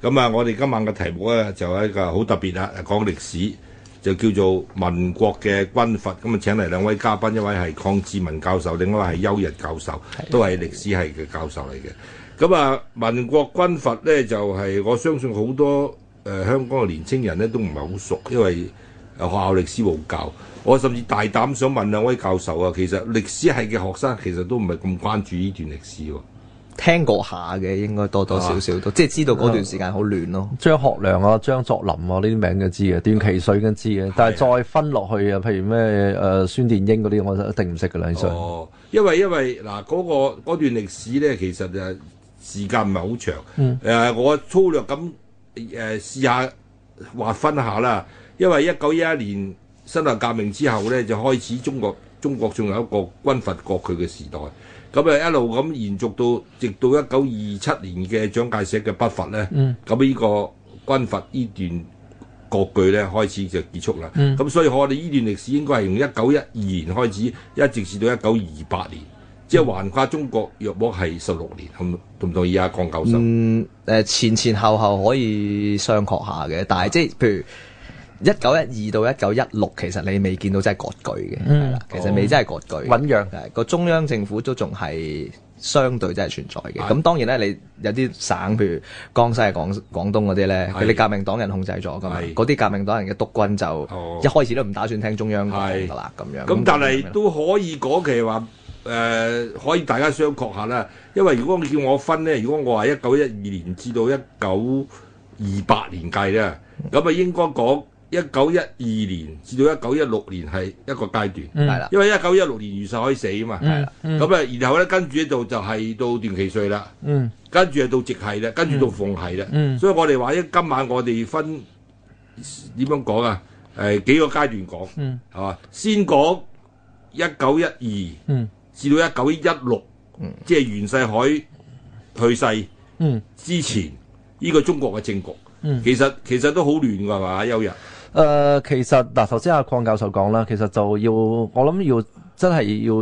咁啊，我哋今晚嘅題目咧就一個好特別啊，講歷史就叫做民國嘅軍閥。咁啊，請嚟兩位嘉賓，一位係鄺志文教授，另一位係邱日教授，都係歷史系嘅教授嚟嘅。咁啊，民國軍閥咧就係、是、我相信好多誒、呃、香港嘅年青人咧都唔係好熟，因為學校歷史冇教。我甚至大膽想問兩位教授啊，其實歷史系嘅學生其實都唔係咁關注呢段歷史喎、啊。聽過下嘅，應該多多少少都吧即係知道嗰段時間好亂咯。張學良啊，張作霖啊，呢啲名就知嘅，嗯、段祺瑞都知嘅。嗯、但係再分落去啊，譬如咩誒孫殿英嗰啲，我就一定唔識㗎喇。你哦，因為因為嗱嗰、那個段歷史咧，其實就時間唔係好長。誒、嗯呃，我粗略咁誒試下劃分下啦。因為一九一一年辛亥革命之後咧，就開始中國中國仲有一個軍閥割據嘅時代。咁啊一路咁延續到直到一九二七年嘅蔣介石嘅北伐咧，咁、這、呢個軍閥呢段割據咧，開始就結束啦。咁、嗯、所以我哋呢段歷史應該係用一九一二年開始，一直至到一九二八年，即係橫跨中國約莫係十六年，同唔同意啊？江教授，嗯、呃，前前後後可以商榷下嘅，但係即係譬如。一九一二到一九一六，其實你未見到真係割據嘅，其實未真係割據。醞釀嘅。個中央政府都仲係相對真係存在嘅。咁、嗯、當然呢，你有啲省，譬如江西廣、廣廣東嗰啲呢，佢哋是革命黨人控制咗咁，嗰啲革命黨人嘅督軍就一開始都唔打算聽中央講噶啦，咁是樣。咁但係都可以嗰期話誒、呃，可以大家商確下啦。因為如果你叫我分呢，如果我係一九一二年至到一九二八年計呢，咁啊應該講。一九一二年至到一九一六年係一個階段，係啦，因為一九一六年袁世凱死啊嘛，係啦，咁啊，然後咧，跟住呢度就係到段祺瑞啦，嗯，跟住就到直系啦，跟住到奉系啦，嗯，所以我哋話咧今晚我哋分點樣講啊？誒，幾個階段講，係嘛？先講一九一二至到一九一六，即係袁世凱去世之前，呢個中國嘅政局，其實其實都好亂噶嘛，休日。誒、呃，其實嗱，頭先阿鄺教授講啦，其實就要，我諗要。真係要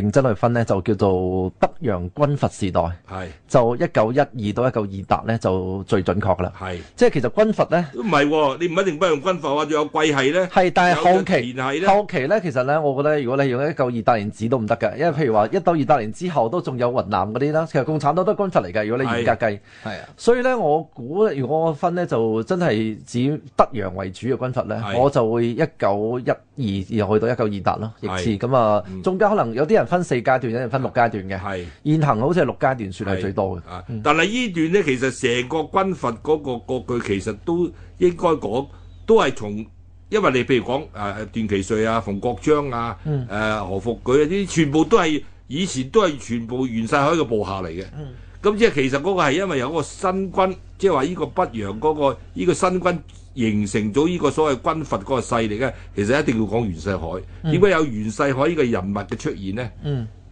認真去分呢，就叫做德洋軍閥時代。係，就一九一二到一九二達呢，就最準確㗎啦。係，即係其實軍閥呢，唔係喎，你唔一定不用軍閥，或者有貴系呢。係，但係後期後期呢，其實呢，我覺得如果你用一九二八年止都唔得㗎，因為譬如話一九二八年之後都仲有雲南嗰啲啦，其實共產黨都係軍閥嚟㗎。如果你嚴格計，係所以呢，我估，如果我分呢，就真係指德洋為主嘅軍閥呢，我就會一九一二又去到一九二達啦，亦是咁啊。中間、嗯、可能有啲人分四階段，有、嗯、人分六階段嘅。係是現行好似係六階段算係最多嘅。啊嗯、但係呢段呢，其實成個軍閥嗰、那個格其實都應該講都係從，因為你譬如講誒、呃、段祺瑞啊、馮國璋啊、誒、嗯呃、何福舉啊，呢啲全部都係以前都係全部袁世凱嘅部下嚟嘅。咁、嗯、即係其實嗰個係因為有個新軍，即係話呢個北洋嗰、那個呢、這個新軍。形成咗呢個所謂軍閥個勢力咧，其實一定要講袁世凱。點解有袁世凱呢個人物嘅出現咧？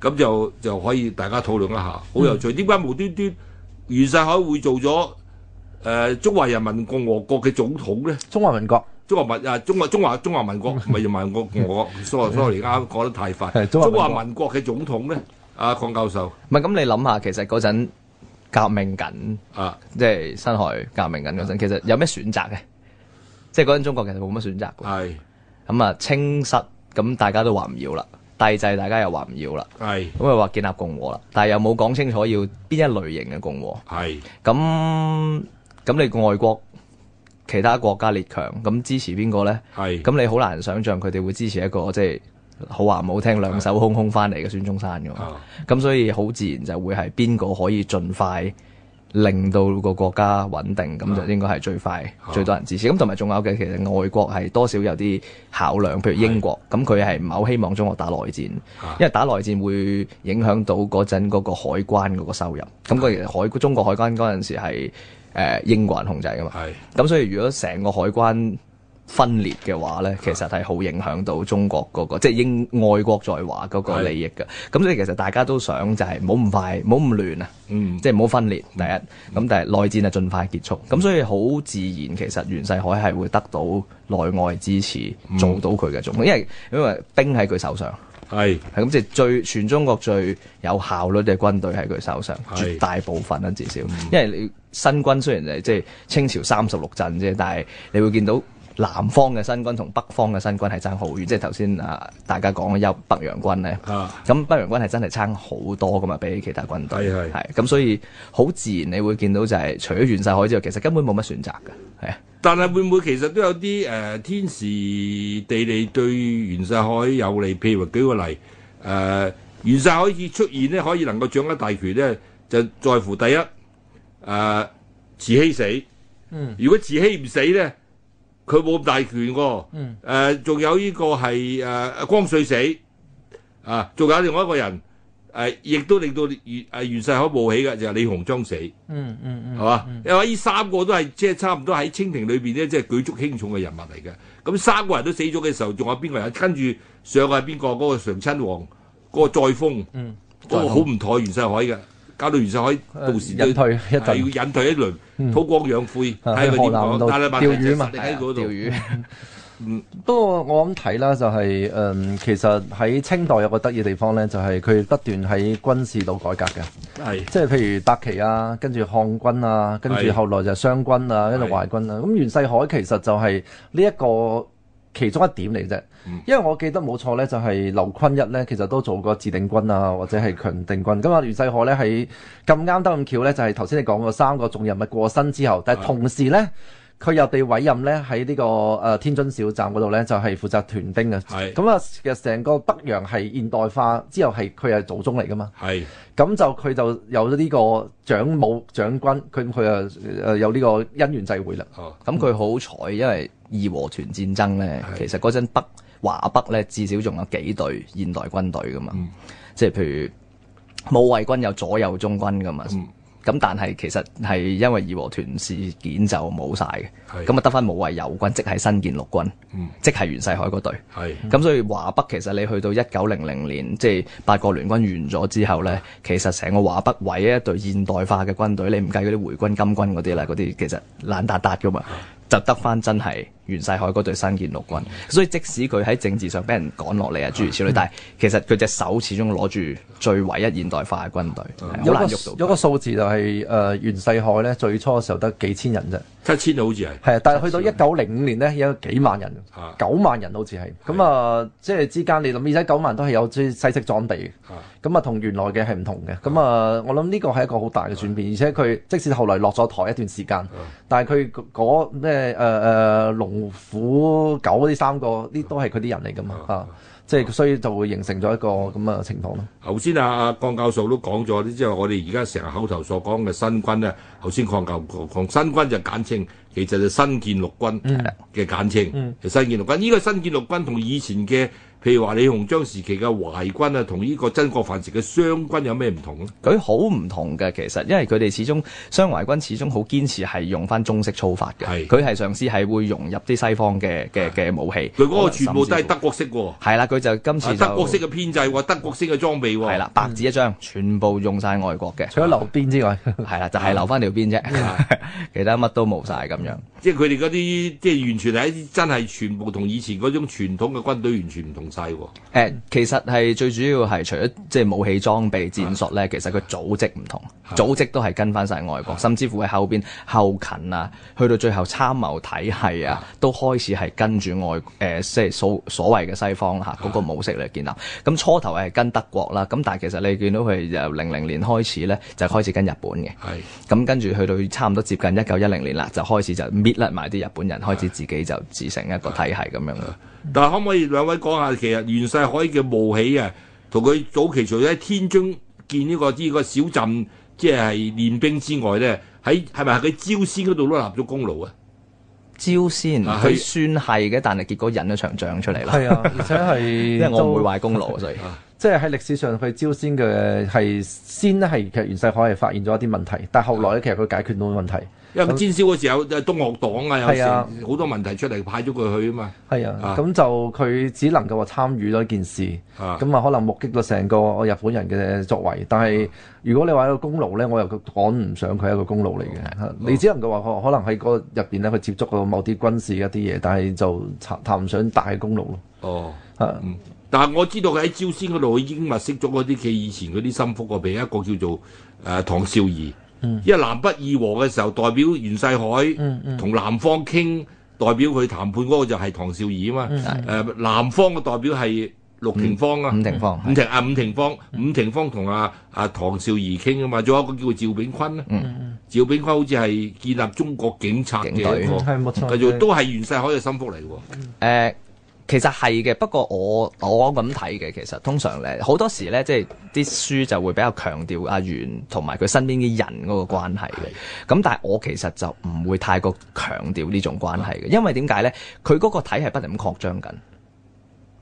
咁就就可以大家討論一下，好有趣。點解無端端袁世凱會做咗誒中華人民共和國嘅總統咧？中華民國，中華民啊，中華中華中華民國咪要問我？所謂所謂而家講得太快。中華民國嘅總統咧，阿鄺教授，咪咁你諗下，其實嗰陣革命緊啊，即係辛亥革命緊嗰陣，其實有咩選擇嘅？即係嗰陣中國其實冇乜選擇嘅，咁啊是清室咁大家都話唔要啦，帝制大家又話唔要啦，咁又話建立共和啦，但係又冇講清楚要邊一類型嘅共和，咁咁是你外國其他國家列強咁支持邊個咧？咁是你好難想象佢哋會支持一個即係、就是、好話唔好聽兩手空空翻嚟嘅孫中山嘅喎，咁是所以好自然就會係邊個可以盡快。令到個國家穩定，咁就應該係最快、啊、最多人支持。咁同埋仲有嘅，其實外國係多少有啲考量，譬如英國，咁佢係唔係好希望中國打內戰？啊、因為打內戰會影響到嗰陣嗰個海關嗰個收入。咁佢其實海中國海關嗰陣時係、呃、英國人控制噶嘛，咁是所以如果成個海關分裂嘅話呢，其實係好影響到中國嗰、那個即係英外國在華嗰個利益嘅。咁所以其實大家都想就係唔好咁快冇咁亂啊，嗯、即係唔好分裂。第一咁，嗯、但係內戰啊，盡快結束。咁、嗯、所以好自然，其實袁世凱係會得到內外支持，做到佢嘅做，因為因為兵喺佢手上，係係咁即係最全中國最有效率嘅軍隊喺佢手上，是絕大部分啦至少。嗯、因為你新軍雖然係即係清朝三十六鎮啫，但係你會見到。南方嘅新軍同北方嘅新軍係爭好遠，即係頭先啊，大家講嘅有北洋軍咧，咁、啊、北洋軍係真係差好多噶嘛，比起其他軍隊係咁係係，所以好自然你會見到就係、是、除咗袁世凱之外，其實根本冇乜選擇噶，係啊。但係會唔會其實都有啲誒、呃、天時地利對袁世凱有利？譬如舉個例，誒、呃、袁世凱要出現呢，可以能夠掌握大權呢，就在乎第一誒、呃、慈禧死。嗯，如果慈禧唔死呢？嗯佢冇咁大權喎、哦，誒、呃，仲有呢個係誒、呃、光緒死，啊、呃，仲有另外一個人，誒、呃，亦都令到袁誒袁世凱冒起嘅，就係、是、李鴻章死，嗯嗯嗯，係、嗯、嘛？因為呢三個都係即係差唔多喺清廷裏邊咧，即係舉足輕重嘅人物嚟嘅。咁三個人都死咗嘅時候，仲有邊個人跟住上係邊個？嗰、那個醇親王，嗰、那個載灃，都好唔妥袁世凱嘅。搞到袁世凱到時引退，係要引退一輪，韜光、嗯、養晦，喺河、嗯、南度，但係問題喺嗰度釣魚。 嗯，不過、嗯、我咁睇啦，就係、是、誒、嗯，其實喺清代有個得意地方咧，就係、是、佢不斷喺軍事度改革嘅。係是，即係譬如八旗啊，跟住漢軍啊，跟住後來就係湘軍啊，跟住淮軍啦。咁袁世凱其實就係呢一個。其中一點嚟啫，因為我記得冇錯呢，就係、是、劉坤一呢，其實都做過自定軍啊，或者係強定軍。咁啊，袁世凱呢，喺咁啱得咁巧呢，就係頭先你講過三個重要人物過身之後，但係同時呢。佢又被委任咧，喺呢個誒天津小站嗰度咧，就係負責團丁嘅。係咁啊，其實成個北洋係現代化之後係佢係祖宗嚟噶嘛。係咁是就佢就有咗呢個長母長軍，佢佢啊，誒有呢個因緣際會啦。咁佢好彩，因為義和團戰爭咧，是其實嗰陣北華北咧至少仲有幾隊現代軍隊噶嘛。嗯。即係譬如武衛軍有左右中軍噶嘛。嗯咁但係其實係因為義和團事件就冇晒，嘅的，咁啊得返武衞右軍，即係新建陸軍，嗯、即係袁世凱嗰隊。咁的所以華北其實你去到一九零零年，即係八國聯軍完咗之後呢，其實成個華北唯一一隊現代化嘅軍隊，你唔計嗰啲回軍、金軍嗰啲啦，嗰啲其實懶達達噶嘛。就得翻真係袁世凱嗰隊新建陸軍，所以即使佢喺政治上俾人趕落嚟啊諸如此類，但係其實佢隻手始終攞住最唯一現代化嘅軍隊，好 難喐到有個。到有個數字就係誒袁世凱咧，最初嘅時候得幾千人啫，七千好似係。係啊，但係去到一九零五年咧，有幾萬人，九、啊、萬人好似係。咁的啊，即係之間你諗，而且九萬都係有啲西式裝備，咁啊同原來嘅係唔同嘅。咁啊，我諗呢個係一個好大嘅轉變，而且佢即使後來落咗台一段時間， 但係佢嗰咩？誒誒誒，龍虎狗呢三個，呢都係佢啲人嚟噶嘛？啊，即係、啊、所以就會形成咗一個咁嘅情況咯。頭先啊，江教授都講咗，呢即係我哋而家成日口頭所講嘅新軍咧。頭先江教授講新軍就簡稱，其實就新建陸軍嘅簡稱。就、嗯、新建陸軍，呢、呢個新建陸軍同以前嘅。譬如話李鴻章時期嘅淮軍啊，同呢個曾國藩時嘅湘軍有咩唔同咧？佢好唔同嘅，其實，因為佢哋始終湘淮軍始終好堅持係用翻中式操法嘅，佢係嘗試，係會融入啲西方嘅嘅嘅武器。佢嗰個全部都係德國式喎。係啦，佢就今次德國式嘅編制，德國式嘅裝備。係啦，白紙一張，全部用晒外國嘅。除咗留邊之外，係啦，就係留翻條邊啫。其他乜都冇晒咁樣。即係佢哋嗰啲，即係完全係真係全部同以前嗰種傳統嘅軍隊完全唔同。誒、啊，其實係最主要係除咗即係武器裝備、戰術咧，其實佢組織唔同，組織都係跟翻晒外國，啊、甚至乎係後邊後勤啊，去到最後參謀體系啊，啊都開始係跟住外誒，即、呃、係所所謂嘅西方嚇嗰、啊那個模式嚟建立。咁、啊、初頭係跟德國啦，咁但係其實你見到佢由零零年開始咧，就開始跟日本嘅。係咁、啊、跟住去到差唔多接近一九一零年啦，就開始就搣甩埋啲日本人，啊、開始自己就自成一個體系咁樣。啊。但可唔可以兩位講下，其實袁世凱嘅冒起啊，同佢早期除咗喺天津建呢個呢、這個小鎮，即係練兵之外咧，喺係咪喺佢朝鮮嗰度都嚟立咗功勞鮮啊？朝鮮佢算係嘅，但係結果引咗場仗出嚟啦。係啊，而且係因為我唔會話功勞，所以。 即係喺歷史上佢朝鮮嘅係先咧，係其實袁世凱係發現咗一啲問題，但係後來咧，其實佢解決到問題。的那因為佢戰燒嗰時候，東學黨啊，有時好多問題出嚟，派咗佢去啊嘛。係的啊，咁就佢只能夠話參與咗一件事，咁啊可能目擊到成個日本人嘅作為。但係、啊、如果你話一個功勞咧，我又趕唔上佢一個功勞嚟嘅。啊啊、你只能夠話可能喺個入邊咧，佢接觸到某啲軍事一啲嘢，但係就談唔上大功勞咯。哦，嚇。但係我知道佢喺朝鮮嗰度，佢已經物識咗嗰啲佢以前嗰啲心腹喎，譬如一個叫做誒唐少儀，因為南北二和嘅時候，代表袁世凱同南方傾，代表佢談判嗰個就係唐少儀啊嘛。誒南方嘅代表係陸廷芳啊，五廷芳，五廷啊五廷芳，五廷芳同阿阿唐少儀傾啊嘛。仲有一個叫趙炳坤啊，趙炳坤好似係建立中國警察警隊，係冇錯，都係袁世凱嘅心腹嚟嘅喎。其實係嘅，不過我我咁睇嘅，其實通常咧好多時咧，即係啲書就會比較強調阿袁同埋佢身邊嘅人嗰個關係嘅。咁的但係我其實就唔會太過強調呢種關係嘅，的因為點解咧？佢嗰個體系不停咁擴張緊，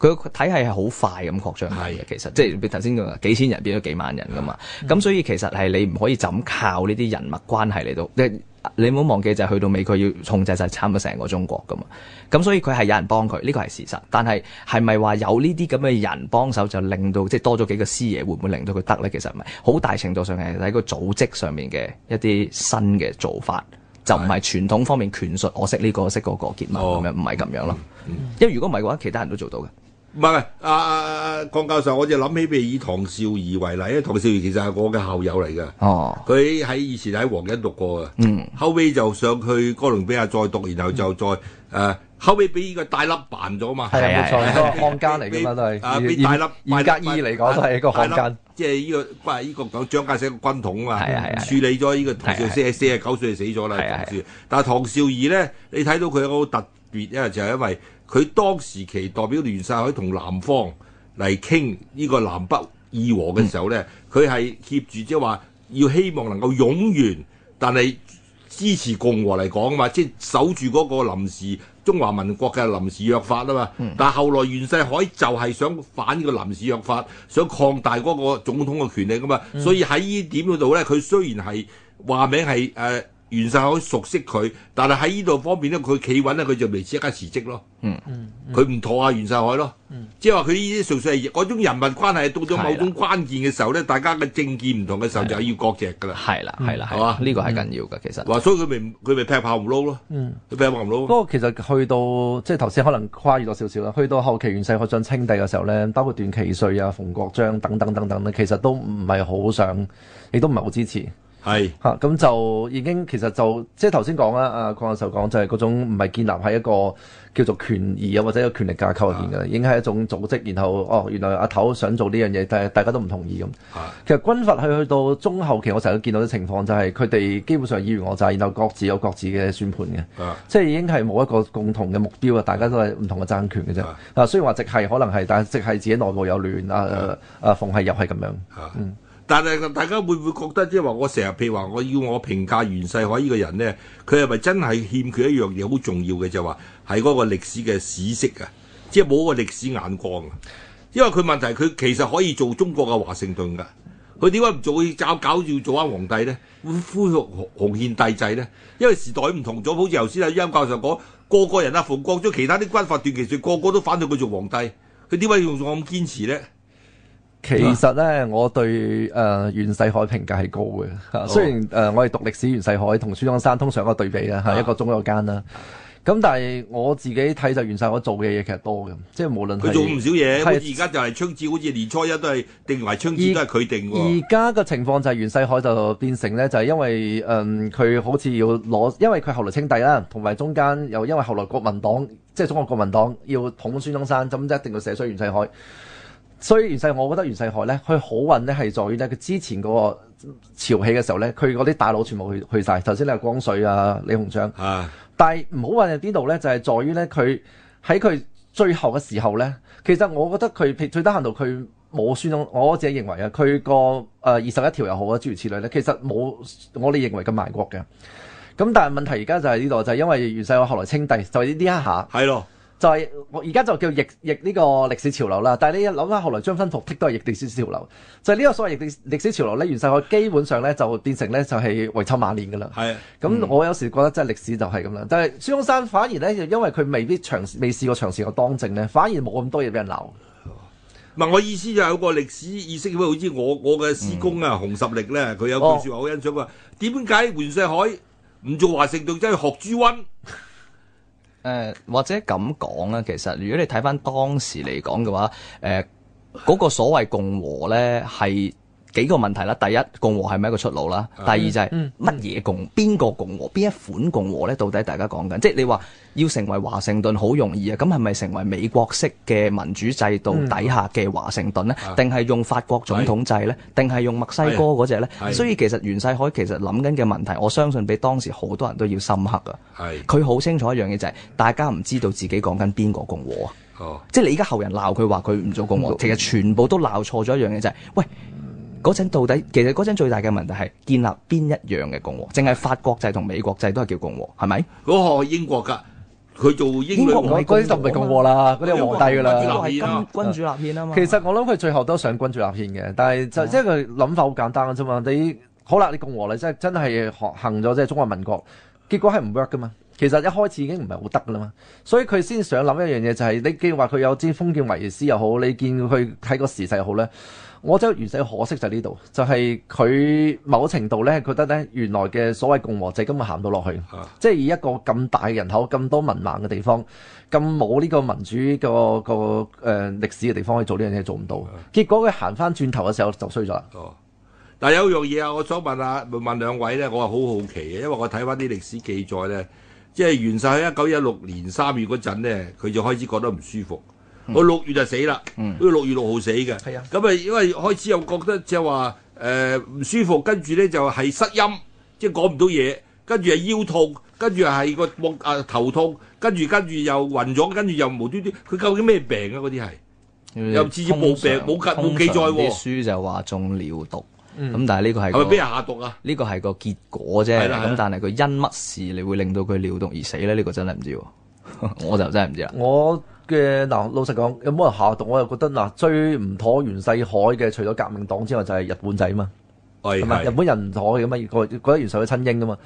佢個體系係好快咁擴張。係嘅的。其實即係頭先嘅幾千人變咗幾萬人噶嘛。咁的所以其實係你唔可以就咁靠呢啲人物關係嚟到。即你唔好忘記就係去到尾佢要控制晒差唔多成個中國噶嘛，咁所以佢係有人幫佢，呢個係事實。但係係咪話有呢啲咁嘅人幫手就令到即係多咗幾個師爺會唔會令到佢得呢？其實唔係，好大程度上係喺個組織上面嘅一啲新嘅做法，的就唔係傳統方面權術。我識呢個，我識嗰個，結盟咁樣，唔係咁樣咯。哦、因為如果唔係嘅話，其他人都做到嘅。唔係，唔係，阿阿江教授，我就諗起譬如以唐紹儀為例，因為唐紹儀其實係我嘅校友嚟嘅。哦，佢喺以前喺皇仁讀過嘅。嗯，後屘就上去哥倫比亞再讀，然後就再誒，後屘俾依個戴笠辦咗嘛。係啊，冇錯，個漢奸嚟噶嘛都係。啊，俾戴笠，二甲二嚟講都係一個漢奸。即係依個，唔係依個狗張嘉偉嘅軍統啊嘛。係啊係啊，處理咗依個唐紹儀四四啊九歲就死咗啦。係啊，但係唐紹儀咧，你睇到佢好特別咧，就係因為，佢當時期代表袁世凱同南方嚟傾呢個南北議和嘅時候咧，佢係、嗯、協助即係話要希望能夠擁護，但係支持共和嚟講啊嘛，即、就、係、是、守住嗰個臨時中華民國嘅臨時約法啊嘛。嗯、但係後來袁世凱就係想反呢個臨時約法，想擴大嗰個總統嘅權力啊嘛。所以喺呢點嗰度咧，佢雖然係話名係誒。呃袁世凱熟悉佢，但係喺呢度方面咧，佢企穩咧，佢就未似即刻辭職咯。嗯嗯，佢、嗯、唔妥啊袁世凱咯。嗯、即係話佢呢啲純粹係嗰種人民關係到咗某種關鍵嘅時候咧，的大家嘅政見唔同嘅時候就係要割蓆噶啦。係啦，係啦，係嘛？呢個係緊要嘅，其實、嗯。話所以佢咪佢咪劈炮唔撈咯。嗯，劈炮唔撈。不過其實去到即係頭先可能跨越咗少少啦。去到後期袁世凱想稱帝嘅時候咧，包括段祺瑞啊、馮國璋等等等等，其實都唔係好想，亦都唔係好支持。係吓，咁就已經其實就即係頭先講啦，阿鄺教授講就係嗰種唔係建立喺一個叫做權益啊或者一個權力架構入邊嘅，已經係一種組織。然後哦，原來阿頭想做呢樣嘢，但係大家都唔同意咁。其實軍閥佢去到中後期，我成日都見到啲情況，就係佢哋基本上爾虞我詐，然後各自有各自嘅宣判嘅。即係已經係冇一個共同嘅目標啊，大家都係唔同嘅爭權嘅啫。嗱，雖然話直係可能係，但係直係自己內部有亂啊啊，逢係又係咁樣。嗯。但係大家會唔會覺得即係話我成日譬如話我要我評價袁世凱呢個人咧，佢係咪真係欠缺一樣嘢好重要嘅，就話係嗰個歷史嘅史識啊，即係冇個歷史眼光啊？因為佢問題，佢其實可以做中國嘅華盛頓噶，佢點解唔做？攪搞要做翻皇帝咧，恢復洪憲帝制咧？因為時代唔同咗，好似頭先阿於教授講，個個人啊，馮國璋其他啲軍閥、段祺瑞個個都反對佢做皇帝，佢點解仲咁堅持咧？其實咧，我對誒、呃、袁世凱評價係高嘅，的雖然誒、呃、我係讀歷史，袁世凱同孫中山通常、啊、一個對比啦，係一個忠一個奸啦。咁但係我自己睇就袁世凱做嘅嘢其實多嘅，即係無論佢做唔少嘢，佢而家就係春節，好似年初一都係定為春節都係佢定。而家嘅情況就係袁世凱就變成咧，就係、是、因為誒佢、嗯、好似要攞，因為佢後來稱帝啦，同埋中間又因為後來國民黨即係中國國民黨要捧孫中山，咁即一定要寫衰袁世凱。所以袁世，我覺得袁世凱咧，佢好運咧係在於咧，佢之前嗰個潮起嘅時候咧，佢嗰啲大佬全部去去曬。頭先你話光緒啊、李鴻章啊，但係唔好運喺邊度咧？就係、是、在於咧，佢喺佢最後嘅時候咧，其實我覺得佢最最低限度，佢冇算，我自己認為啊，佢個誒二十一條又好啊，諸如此類咧，其實冇我哋認為咁賣國嘅。咁但係問題而家就係呢度，就係、是、因為袁世凱後來稱帝，就係、是、呢一下。係咯。就係我而家就叫逆逆呢個歷史潮流啦，但係你一諗翻後來張勳復辟都係逆歷史潮流，就係、是、呢個所謂逆歷史潮流咧。袁世凱基本上咧就變成咧就係遺臭萬年噶啦。係的，咁我有時覺得即係歷史就係咁啦。嗯、但係孫中山反而咧，因為佢未必長未試過長時間當政咧，反而冇咁多嘢俾人鬧。唔係、嗯、我意思就係有個歷史意識，好似我我嘅師公啊，洪十力咧，佢有句説話好欣賞話：點解袁世凱唔做華盛頓，走去學朱溫？」誒、呃，或者咁講咧，其實如果你睇翻當時嚟講嘅話，誒、呃，嗰個所謂共和咧係，幾個問題啦，第一共和係咪一個出路啦？第二就係乜嘢共和？邊個共和？邊一款共和呢？到底大家講緊即係你話要成為華盛頓好容易啊？咁係咪成為美國式嘅民主制度底下嘅華盛頓呢？定係用法國總統制呢？定係用墨西哥嗰隻呢？所以其實袁世凱其實諗緊嘅問題，我相信比當時好多人都要深刻啊！佢好清楚一樣嘢就係大家唔知道自己講緊邊個共和啊？即係你而家後人鬧佢話佢唔做共和，其實全部都鬧錯咗一樣嘢就係喂。嗰陣到底其實嗰陣最大嘅問題係建立邊一樣嘅共和？淨係法國制同美國制都係叫共和，係咪？嗰個英國噶，佢做英國嗰啲就唔係共和啦，嗰啲係皇帝啦。英國係君主立憲啊嘛、啊。其實我諗佢最後都想君主立憲嘅，但係就即係佢諗法好簡單啫嘛。你好啦，你共和你真學真係行咗即係中華民國，結果係唔 work 噶嘛。其實一開始已經唔係好得噶啦嘛，所以佢先想諗一樣嘢就係、是、你，既然話佢有支封建遺絲又好，你見佢睇個時勢又好咧。我覺得袁世可惜就喺呢度，就係、是、佢某程度咧覺得咧，原來嘅所謂共和制根本行唔到落去，啊、即係以一個咁大嘅人口、咁多文盲嘅地方、咁冇呢個民主個個誒歷史嘅地方去做呢樣嘢做唔到，啊、結果佢行翻轉頭嘅時候就衰咗啦。哦、啊，但係有樣嘢啊，我想問下問兩位咧，我係好好奇嘅，因為我睇翻啲歷史記載咧，即係袁世喺一九一六年三月嗰陣咧，佢就開始覺得唔舒服。佢六月就死啦，佢六月六號死嘅。係啊，咁啊，因為開始又覺得即係話誒唔舒服，跟住咧就係、是、失音，即係講唔到嘢，跟住係腰痛，跟住係個膊啊頭痛，跟住跟住又暈咗，跟住又無端端，佢究竟咩病，病啊？嗰啲係又似似冇病冇冇記載喎。書就話中尿毒，咁但係呢個係係咪俾人下毒啊？呢個係個結果啫，咁但係佢因乜事你會令到佢尿毒而死咧？呢、這個真係唔知，笑 我就真係唔知啦。我。嘅嗱，老實講，咁有冇人下毒？我又覺得嗱，最唔妥袁世凱嘅，除咗革命黨之外，就係日本仔嘛，係咪？日本人唔妥嘅嘛，佢是是 覺得袁世凱親英噶嘛，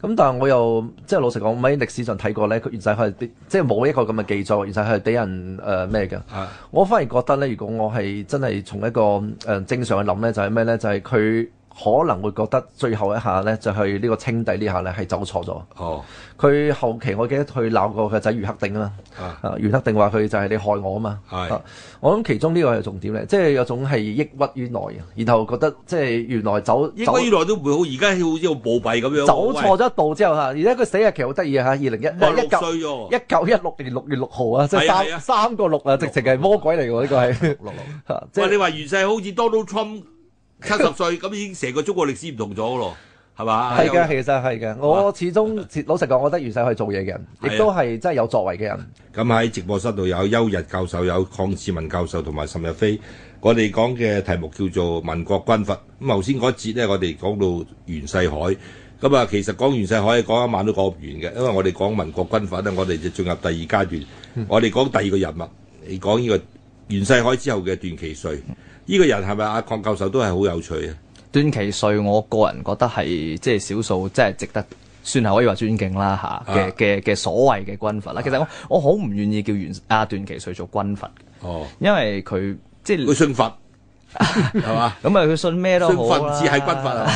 咁是是 但係我又即係老實講，喺歷史上睇過咧，佢袁世凱即係冇一個咁嘅記載，袁世凱係俾人誒咩嘅？呃、是是我反而覺得咧，如果我係真係從一個誒、呃、正常去諗咧，就係咩咧？就係佢。可能會覺得最後一下咧，就係、是、呢個稱帝呢下咧，係走錯咗。哦，佢後期我記得去鬧過佢仔袁克定嘛啊、呃，袁克定話佢就係你害我啊嘛。係是、啊，我諗其中呢個係重點咧，即、就、係、是、有種係抑鬱於內嘅，然後覺得即係原來走抑鬱於內都唔會好，而家好似個暴斃咁樣、啊。走錯咗一步之後嚇，而家佢死日期好得意嚇，二零一一九一六年六月六號啊，6 6即係三三個六啊，直情係魔鬼嚟喎，呢個係。即係你話袁世好似 Donald Trump 七十歲咁已經成個中國歷史唔同咗咯，係嘛？係嘅，其實係嘅。我始終老實講，我覺得袁世凱做嘢嘅人，亦都係真係有作為嘅人。咁喺直播室度有邱日教授，有鄺志文教授同埋岑日飛。我哋講嘅題目叫做《民國軍閥》。咁頭先嗰節咧，我哋講到袁世凱。咁啊，其實講袁世凱講一晚都講唔完嘅，因為我哋講民國軍閥咧，我哋就進入第二階段。我哋講第二個人物，你講呢個袁世凱之後嘅段祺瑞。呢個人係咪阿鄺教授都係好有趣嘅？段祺瑞，我個人覺得係即係少數，即、就、係、是就是、值得算係可以話尊敬啦吓嘅嘅嘅所謂嘅軍閥啦。啊、其實我我好唔願意叫袁阿段祺瑞做軍閥，哦、因為佢即係佢信佛。係嘛？咁啊， 佢信咩都好，信分子係軍閥，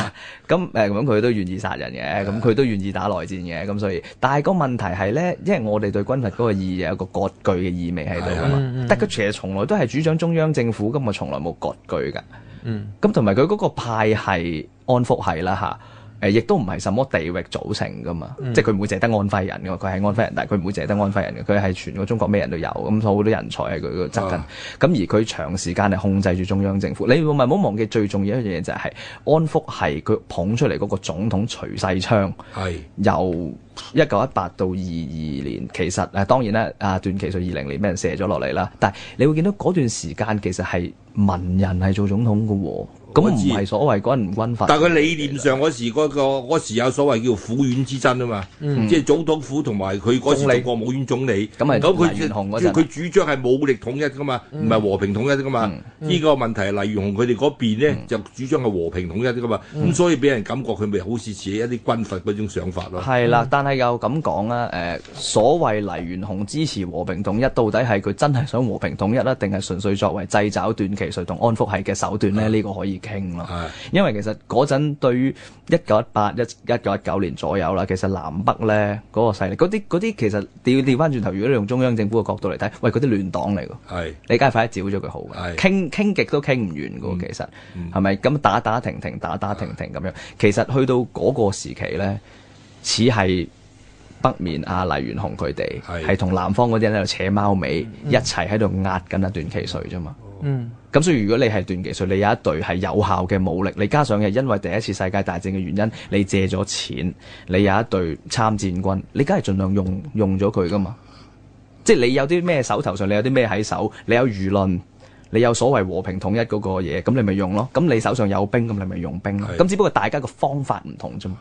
咁誒，咁佢都願意殺人嘅，咁佢都願意打內戰嘅，咁所以，但係個問題係咧，因為我哋對軍閥嗰個意義有一個割據嘅意味喺度啊嘛。 但佢其實從來都係主張中央政府，咁啊，從來冇割據噶。 嗯，咁同埋佢嗰個派系、安福系啦，吓。誒，亦都唔係什麼地域組成噶嘛，嗯、即係佢唔會淨係得安徽人㗎，佢係安徽人，嗯、但係佢唔會淨係得安徽人嘅，佢係全個中國咩人都有，咁所以好多人才係佢個側近。咁、啊、而佢長時間係控制住中央政府。你唔係唔好忘記最重要一樣嘢就係、是、安福系係佢捧出嚟嗰個總統徐世昌。係是由一九一八到二二年，其實誒當然啦，啊段期間二零年俾人卸咗落嚟啦，但係你會見到嗰段時間其實係文人係做總統嘅喎。咁唔係所謂軍軍閥，但佢理念上嗰時嗰個嗰時有所謂叫府院之爭啊嘛，即係總統府同埋佢嗰時做國務院總理。咁咪黎元洪嗰佢主張係武力統一噶嘛，唔係和平統一啲噶嘛。呢個問題係黎元洪佢哋嗰邊咧就主張係和平統一啲噶嘛，咁所以俾人感覺佢咪好似自己一啲軍閥嗰種想法咯。係啦，但係又咁講啦，誒，所謂黎元洪支持和平統一，到底係佢真係想和平統一呢？定係純粹作為製造段祺瑞同安福系嘅手段呢？呢個可以。傾咯，因為其實嗰陣對於一九一八一一九一九年左右啦，其實南北咧嗰、嗰個勢力，嗰啲啲其實調調翻轉頭，如果你用中央政府嘅角度嚟睇，喂，嗰啲亂黨嚟㗎，是 你梗係快啲剿咗佢好嘅，傾傾是 極都傾唔完㗎喎，嗯、其實係咪咁打打停停，打打停停咁樣？其實去到嗰個時期咧，似係北面阿黎元洪佢哋係同南方嗰啲人喺度扯貓尾，嗯、一齊喺度壓緊一段期歲啫嘛。嗯，咁、嗯、所以如果你係段祺瑞，你有一隊係有效嘅武力，你加上係因為第一次世界大戰嘅原因，你借咗錢，你有一隊參戰軍，你梗係盡量用用咗佢噶嘛。即係你有啲咩手頭上，你有啲咩喺手，你有輿論，你有所謂和平統一嗰個嘢，咁你咪用咯。咁你手上有兵，咁你咪用兵咯。咁的只不過大家個方法唔同啫嘛。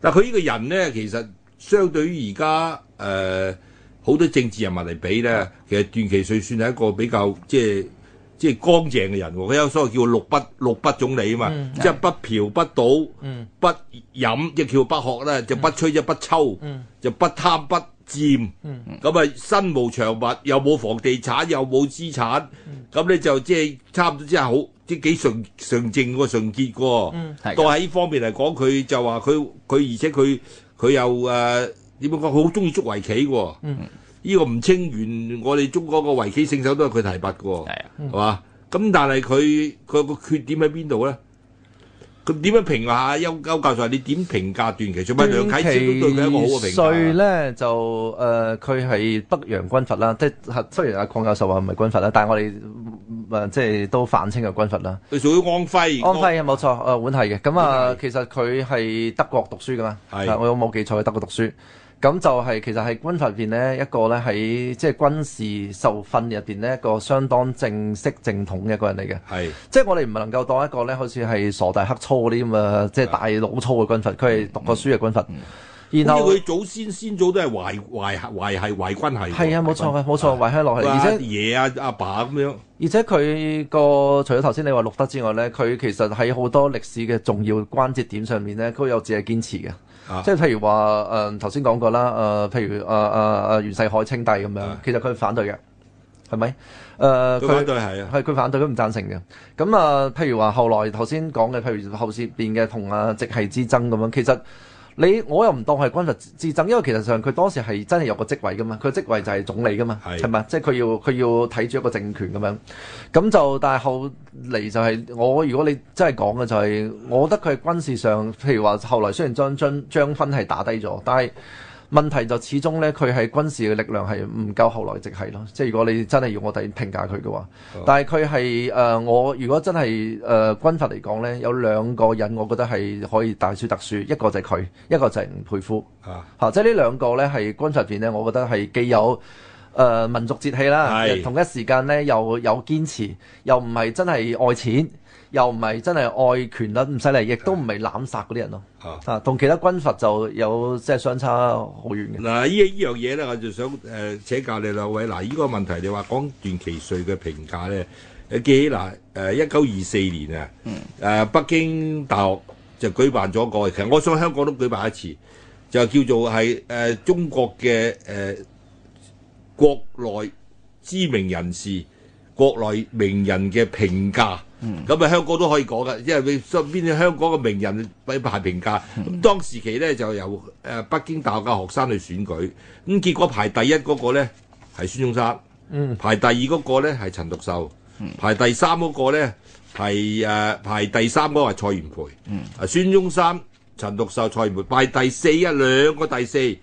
但佢呢個人呢，其實相對於而家誒。呃好多政治人物嚟比咧，其實段祺瑞算係一個比較即係即係乾淨嘅人。佢有所謂叫六不六不總理啊嘛，即係不嫖不賭，不飲即叫不喝咧，就不吹就不抽，就不貪不佔。咁啊，身無長物，又冇房地產，又冇資產，咁咧就即係差唔多，真係好即幾純正淨喎，純潔喎。但喺呢方面嚟講，佢就話佢佢而且佢佢又誒。點解佢好中意捉圍棋喎？呢個吳清源，我哋中國個圍棋聖手都係佢提拔嘅喎，係嘛？咁但係佢佢有個缺點喺邊度咧？佢點樣評價邱教授，你點評價段祺？做咩兩體都對佢一個好嘅評價咧？就誒，佢係北洋軍閥啦，即係雖然阿鄺教授話唔係軍閥啦，但係我哋誒即係都反清嘅軍閥啦。佢屬於安徽，安徽冇錯，誒皖系嘅。咁啊，其實佢係德國讀書㗎嘛？係我冇記錯，係德國讀書。咁就係其實喺軍閥入邊呢，一個咧，喺即係軍事受訓入邊呢，一個相當正式正統嘅一個人嚟嘅。係，是的 即係我哋唔能夠當一個咧，好似係傻大黑粗嗰啲咁啊，即係大老粗嘅軍閥。佢係讀過書嘅軍閥。然後佢祖先先祖都係淮淮淮淮淮淮係淮淮淮係淮軍係。係啊，冇錯啊，冇錯啊，淮鄉落去。而且爺啊阿爸咁樣。而且佢個除咗頭先你話六德之外咧，佢其實喺好多歷史嘅重要關節點上面咧，佢有自己堅持嘅。即係譬如話誒頭先講過啦，誒、呃、譬如誒誒誒袁世凱稱帝咁樣，的其實佢反對嘅，係咪？誒、呃，佢他反對係啊，係佢反對，佢唔贊成嘅。咁、嗯、啊，譬如話後來頭先講嘅，譬如後事變嘅同啊直系之爭咁樣，其實。你我又唔當係軍閥之爭，因為其實上佢當時係真係有個職位噶嘛，佢職位就係總理噶嘛，係咪是的？即係佢要佢要睇住一個政權咁樣，咁就但係後嚟就係、是、我如果你真係講嘅就係、是，我覺得佢係軍事上，譬如話後來雖然將將將軍係打低咗，但係。問題就始終咧，佢係軍事嘅力量係唔夠，後來直係咯。即係如果你真係要我哋評價佢嘅話，oh. 但係佢係誒我如果真係誒、呃、軍閥嚟講咧，有兩個人我覺得係可以大書特書，一個就係佢，一個就係吳佩孚、oh. 啊嚇。即係呢兩個咧係軍閥入面咧，我覺得係既有。誒、呃、民族節氣啦，是同一時間咧又有堅持，又唔係真係愛錢，又唔係真係愛權力，唔使嚟，亦都唔係濫殺嗰啲人咯。是啊，同其他軍閥就有即係、就是、相差好遠嘅。嗱、啊，依依樣嘢咧，我就想誒、呃、請教你兩位。嗱，呢個問題你話講段祺瑞嘅評價咧，誒記起嗱誒一九二四年啊，誒、嗯呃、北京大學就舉辦咗個，其實我想香港都舉辦一次，就叫做係誒、呃呃呃、中國嘅誒。呃國內知名人士、國內名人嘅評價，咁啊、嗯、香港都可以講㗎，因為佢身邊嘅香港嘅名人俾排評價。咁、嗯、當時期咧就由誒北京大學嘅學生去選舉，咁結果排第一嗰個咧係孫中山，嗯、排第二嗰個咧係陳獨秀，排第三嗰個咧係誒排第三嗰個係蔡元培。啊、嗯，孫中山、陳獨秀、蔡元培排第四，一兩個第四。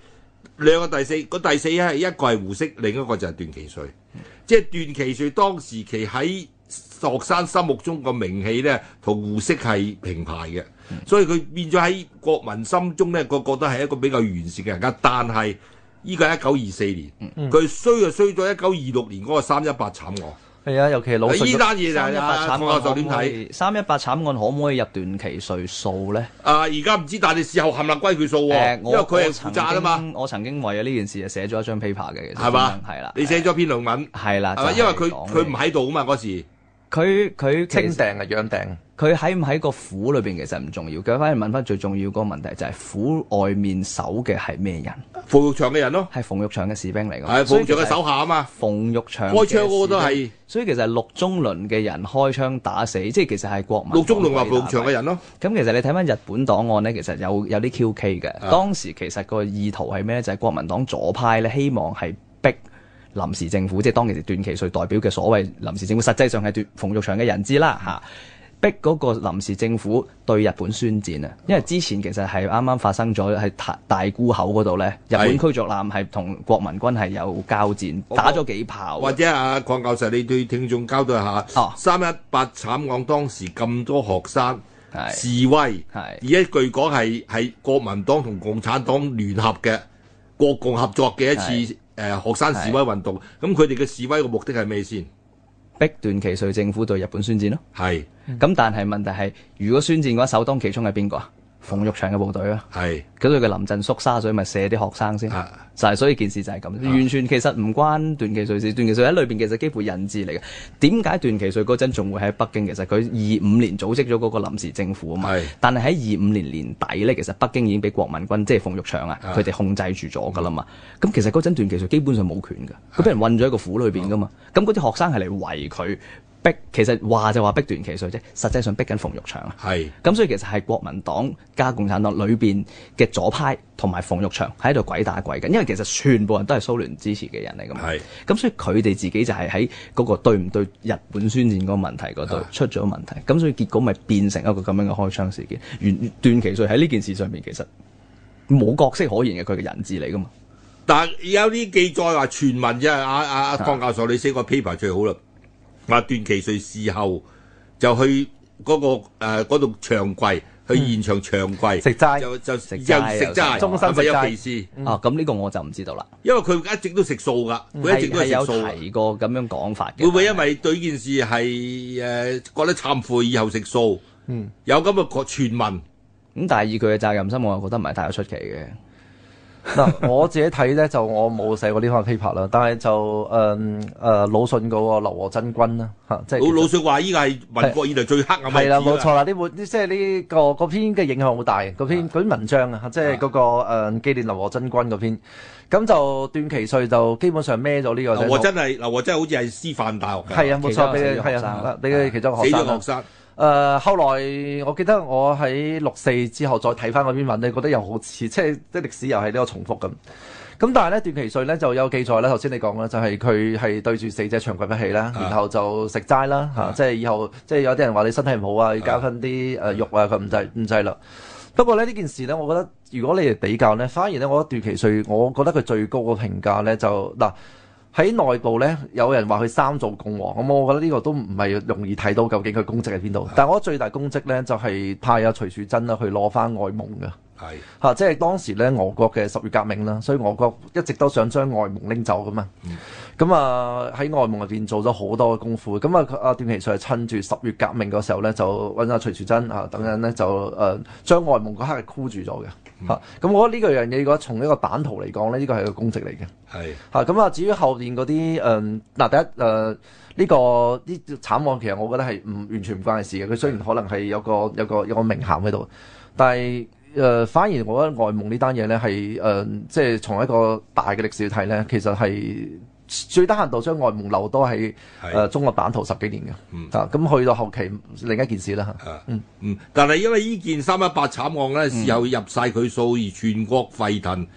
兩個第四、那個第四係一個係胡適，另一個就係段祺瑞。即係段祺瑞當時期喺學生心目中個名氣咧，同胡適係平排嘅，所以佢變咗喺國民心中咧，個個都係一個比較完善嘅人家。但係依、這個一九二四年，佢衰就衰咗一九二六年嗰個三一八慘案。係啊，尤其老呢單嘢就啊，三一八慘案就點睇？三一八慘案可唔可以入段期稅數咧？啊，而家唔知，但係你事後冚唥歸佢數喎。因為佢係負責啊嘛。我曾經為咗呢件事就寫咗一張 paper 嘅，其實係嘛？係啦，你寫咗篇論文係啦。係因為佢佢唔喺度啊嘛，嗰時。佢佢清定啊，養定。佢喺唔喺個府裏邊其實唔重要，佢反而問翻最重要個問題就係、是、府外面守嘅係咩人？馮玉祥嘅人咯，係馮玉祥嘅士兵嚟㗎。係馮玉祥嘅手下啊嘛。馮玉祥開槍嗰個都係。所以其實陸中輪嘅人開槍打死，即係其實係國民。陸中輪話馮玉祥嘅人咯。咁其實你睇翻日本檔案呢，其實有有啲蹊蹺嘅。啊、當時其實個意圖係咩就係、是、國民黨左派咧，希望係。臨時政府即係當其時段祺瑞代表嘅所謂臨時政府，實際上係奪馮玉祥嘅人質啦嚇，逼嗰個臨時政府對日本宣戰啊！因為之前其實係啱啱發生咗喺大沽口嗰度呢。日本驅逐艦係同國民軍係有交戰，是打咗幾炮。或者啊，鄺教授，你對聽眾交代下，哦、三一八慘案當時咁多學生是示威，而家據講係係國民黨同共產黨聯合嘅國共合作嘅一次。誒，學生示威運動，咁佢哋嘅示威嘅目的係咩先？逼段祺瑞政府對日本宣戰咯。係的，咁、嗯、但係問題係，如果宣戰嘅話，首當其衝係邊個啊？馮玉祥嘅部隊啊，係佢都要個臨陣縮沙水，所以咪射啲學生先，啊、就係、是、所以件事就係咁，啊、完全其實唔關段祺瑞事，段祺瑞喺裏邊其實幾乎人質嚟嘅。點解段祺瑞嗰陣仲會喺北京？其實佢二五年組織咗嗰個臨時政府啊嘛，是但係喺二五年年底咧，其實北京已經俾國民軍即係馮玉祥啊，佢哋控制住咗噶啦嘛。咁、啊、其實嗰陣段祺瑞基本上冇權噶，佢俾人困咗喺個府裏邊噶嘛。咁嗰啲學生係嚟圍佢。逼其實話就話逼段祺瑞啫，實際上逼緊馮玉祥啊。係咁是，所以其實係國民黨加共產黨裏邊嘅左派同埋馮玉祥喺度鬼打鬼緊。因為其實全部人都係蘇聯支持嘅人嚟㗎嘛。係咁是，所以佢哋自己就係喺嗰個對唔對日本宣戰嗰個問題嗰度出咗問題。咁是所以結果咪變成一個咁樣嘅開槍事件。完，段祺瑞喺呢件事上面其實冇角色可言嘅，佢嘅人質嚟㗎嘛。但有啲記載話傳聞啫。阿阿阿，湯教授，你寫個 paper 最好啦。話、啊、段祺瑞事後就去嗰、那個誒度、呃、長跪，去現場長跪、嗯、食齋，就就食齋宰，生中心有歧視啊！咁呢個我就唔知道啦。因為佢一直都食素噶，佢一直都食素。係係有提過咁樣講法嘅，會唔會因為對件事係誒覺得懺悔，以後食素？嗯，有咁嘅個傳聞。咁但係以佢嘅責任心，我又覺得唔係太有出奇嘅。嗱， 我自己睇咧就我冇寫過呢方 paper 啦，但係就誒誒魯迅嗰、那個《劉和珍君》啦吓，即係老魯迅話依個係民國以來最黑嘅文字。係啦是，冇錯啦，呢本、 這個、即係呢、這個篇嘅影響好大，嗰篇篇文章啊，即係嗰、那個誒紀、呃、念劉和珍君嗰篇。咁就段祺瑞就基本上孭咗呢個。劉和珍係劉就和，和珍好似係師範大學嘅，係啊，冇錯，俾佢係啊，你其中學生，是死咗學生。誒、呃、後來，我記得我喺六四之後再睇翻嗰篇文，你覺得又好似即係啲歷史又係呢個重複咁。咁但係咧，段祺瑞咧就有記載啦。頭先你講啦，就係佢係對住死者長跪不起啦，啊、然後就食齋啦嚇、啊啊，即係以後即係有啲人話你身體唔好啊，要加翻啲誒肉啊，佢唔制唔制啦。不過咧呢件事咧，我覺得如果你哋比較咧，反而咧我覺得段祺瑞，我覺得佢最高嘅評價咧就嗱。喺內部咧，有人話佢三做共和。咁、嗯、我覺得呢個都唔係容易睇到究竟佢功績喺邊度。但係我覺得最大功績咧，就係、是、派阿、啊、徐樹錚啦去攞翻外蒙嘅。係吓是、啊，即係當時咧，俄國嘅十月革命啦，所以俄國一直都想將外蒙拎走噶嘛。咁、嗯、啊，喺外蒙入邊做咗好多功夫。咁啊，阿段祺瑞係趁住十月革命嗰時候咧，就搵阿徐樹錚啊等人咧，就誒將、啊、外蒙嗰刻係箍住咗嘅吓。咁、嗯啊、我覺得個個呢個樣嘢，如果從呢個版圖嚟講咧，呢個係個功績嚟嘅。係吓是，咁啊，至於後邊嗰啲誒嗱，第一誒呢、啊這個啲慘案，這個這個、其實我覺得係唔完全唔關事嘅。佢雖然可能係有個有個有個名銜喺度，但係。誒、呃，反而我覺得外蒙呢單嘢咧，係、呃、誒，即係從一個大嘅歷史嚟睇咧，其實係最得閒到最低限度將外蒙留多喺誒的、呃、中國版圖十幾年嘅、嗯啊。嗯，啊，咁去到後期另一件事啦嚇。嗯的嗯，嗯但係因為呢件三一八慘案咧，事後入晒佢數而全國沸騰，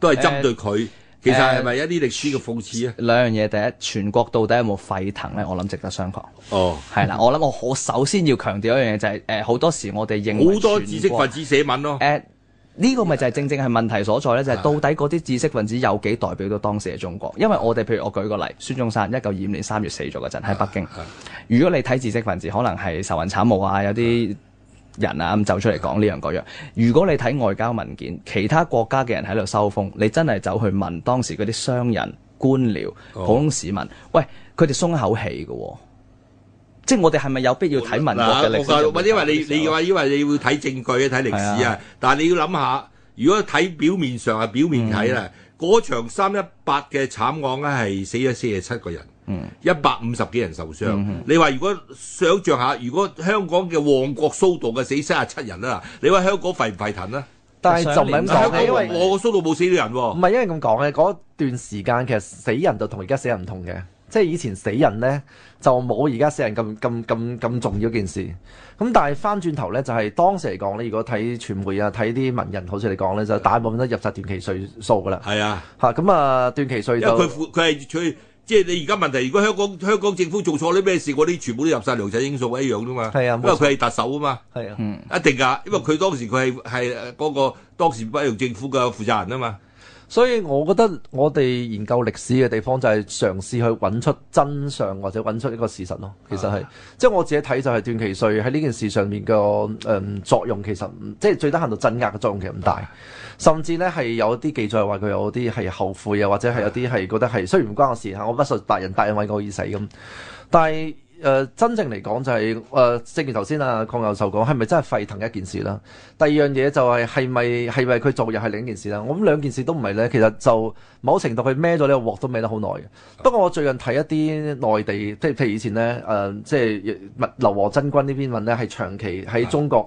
都係針對佢。嗯嗯嗯其實係咪一啲歷史嘅諷刺啊？兩樣嘢第一，全國到底有冇沸騰呢？我諗值得商榷。哦，係啦，我諗我我首先要強調一樣嘢就係、是，誒、呃、好多時我哋認為好多知識分子寫文咯。呢、呃這個咪就係正正係問題所在呢就係、是、到底嗰啲知識分子有幾代表到當時嘅中國？因為我哋譬如我舉個例，孫中山一九二五年三月死咗嗰陣喺北京。Oh. 如果你睇知識分子，可能係愁雲慘霧啊，有啲。Oh. 人啊，咁走出嚟講呢樣嗰樣。如果你睇外交文件，其他國家嘅人喺度收風，你真係走去問當時嗰啲商人、官僚、普通市民，哦、喂，佢哋鬆一口氣嘅、哦。即係我哋係咪有必要睇民國嘅歷史？嗱、啊啊，我因為你你話因為你會睇證據、啊睇歷史啊，嗯、但係你要諗下，如果睇表面上啊，表面睇啦，嗰場三一八嘅慘案咧，係死咗四十七個人。一百五十幾人受傷，嗯、哼你話，如果想象下，如果香港嘅旺角騷動嘅死三十七人啦，你話香港沸唔沸騰啊？但係就唔係咁講，因為我個騷動冇死啲人喎。唔係因為咁講嘅，嗰段時間其實死人就同而家死人唔同嘅，即係以前死人咧就冇而家死人咁咁咁咁重要件事。咁但係翻轉頭咧，就係、是、當時嚟講咧，如果睇傳媒啊，睇啲文人好似嚟講咧，就大部分都入晒段祺瑞數噶啦。係啊，吓咁啊，段祺瑞就佢佢係最。即係你而家問題，如果香港香港政府做錯啲咩事，嗰啲全部都入晒梁振英數一樣啫嘛。因為佢係特首啊嘛。係啊，嗯，一定噶，因為佢當時佢係係嗰個當時北洋政府嘅負責人啊嘛。所以，我覺得我哋研究歷史嘅地方就係嘗試去揾出真相，或者揾出一個事實咯。其實係，即係我自己睇就係段祺瑞喺呢件事上面嘅誒作用，其實即係最低限度鎮壓嘅作用其實唔大，甚至咧係有啲記載話佢有啲係後悔啊，或者係有啲係覺得係雖然唔關我事嚇，我不殺伯仁，伯仁為我而死咁，但係。誒、呃、真正嚟講就係、是、誒、呃、正如頭先啊，鄺教授講係咪真係沸騰一件事啦？第二樣嘢就係係咪係咪佢昨日係另一件事啦？我諗兩件事都唔係咧，其實就某程度佢孭咗呢個鑊都孭得好耐嘅。不過我最近睇一啲內地，即係譬如以前咧誒、呃，即係物流和真君呢篇文咧，係長期喺中國。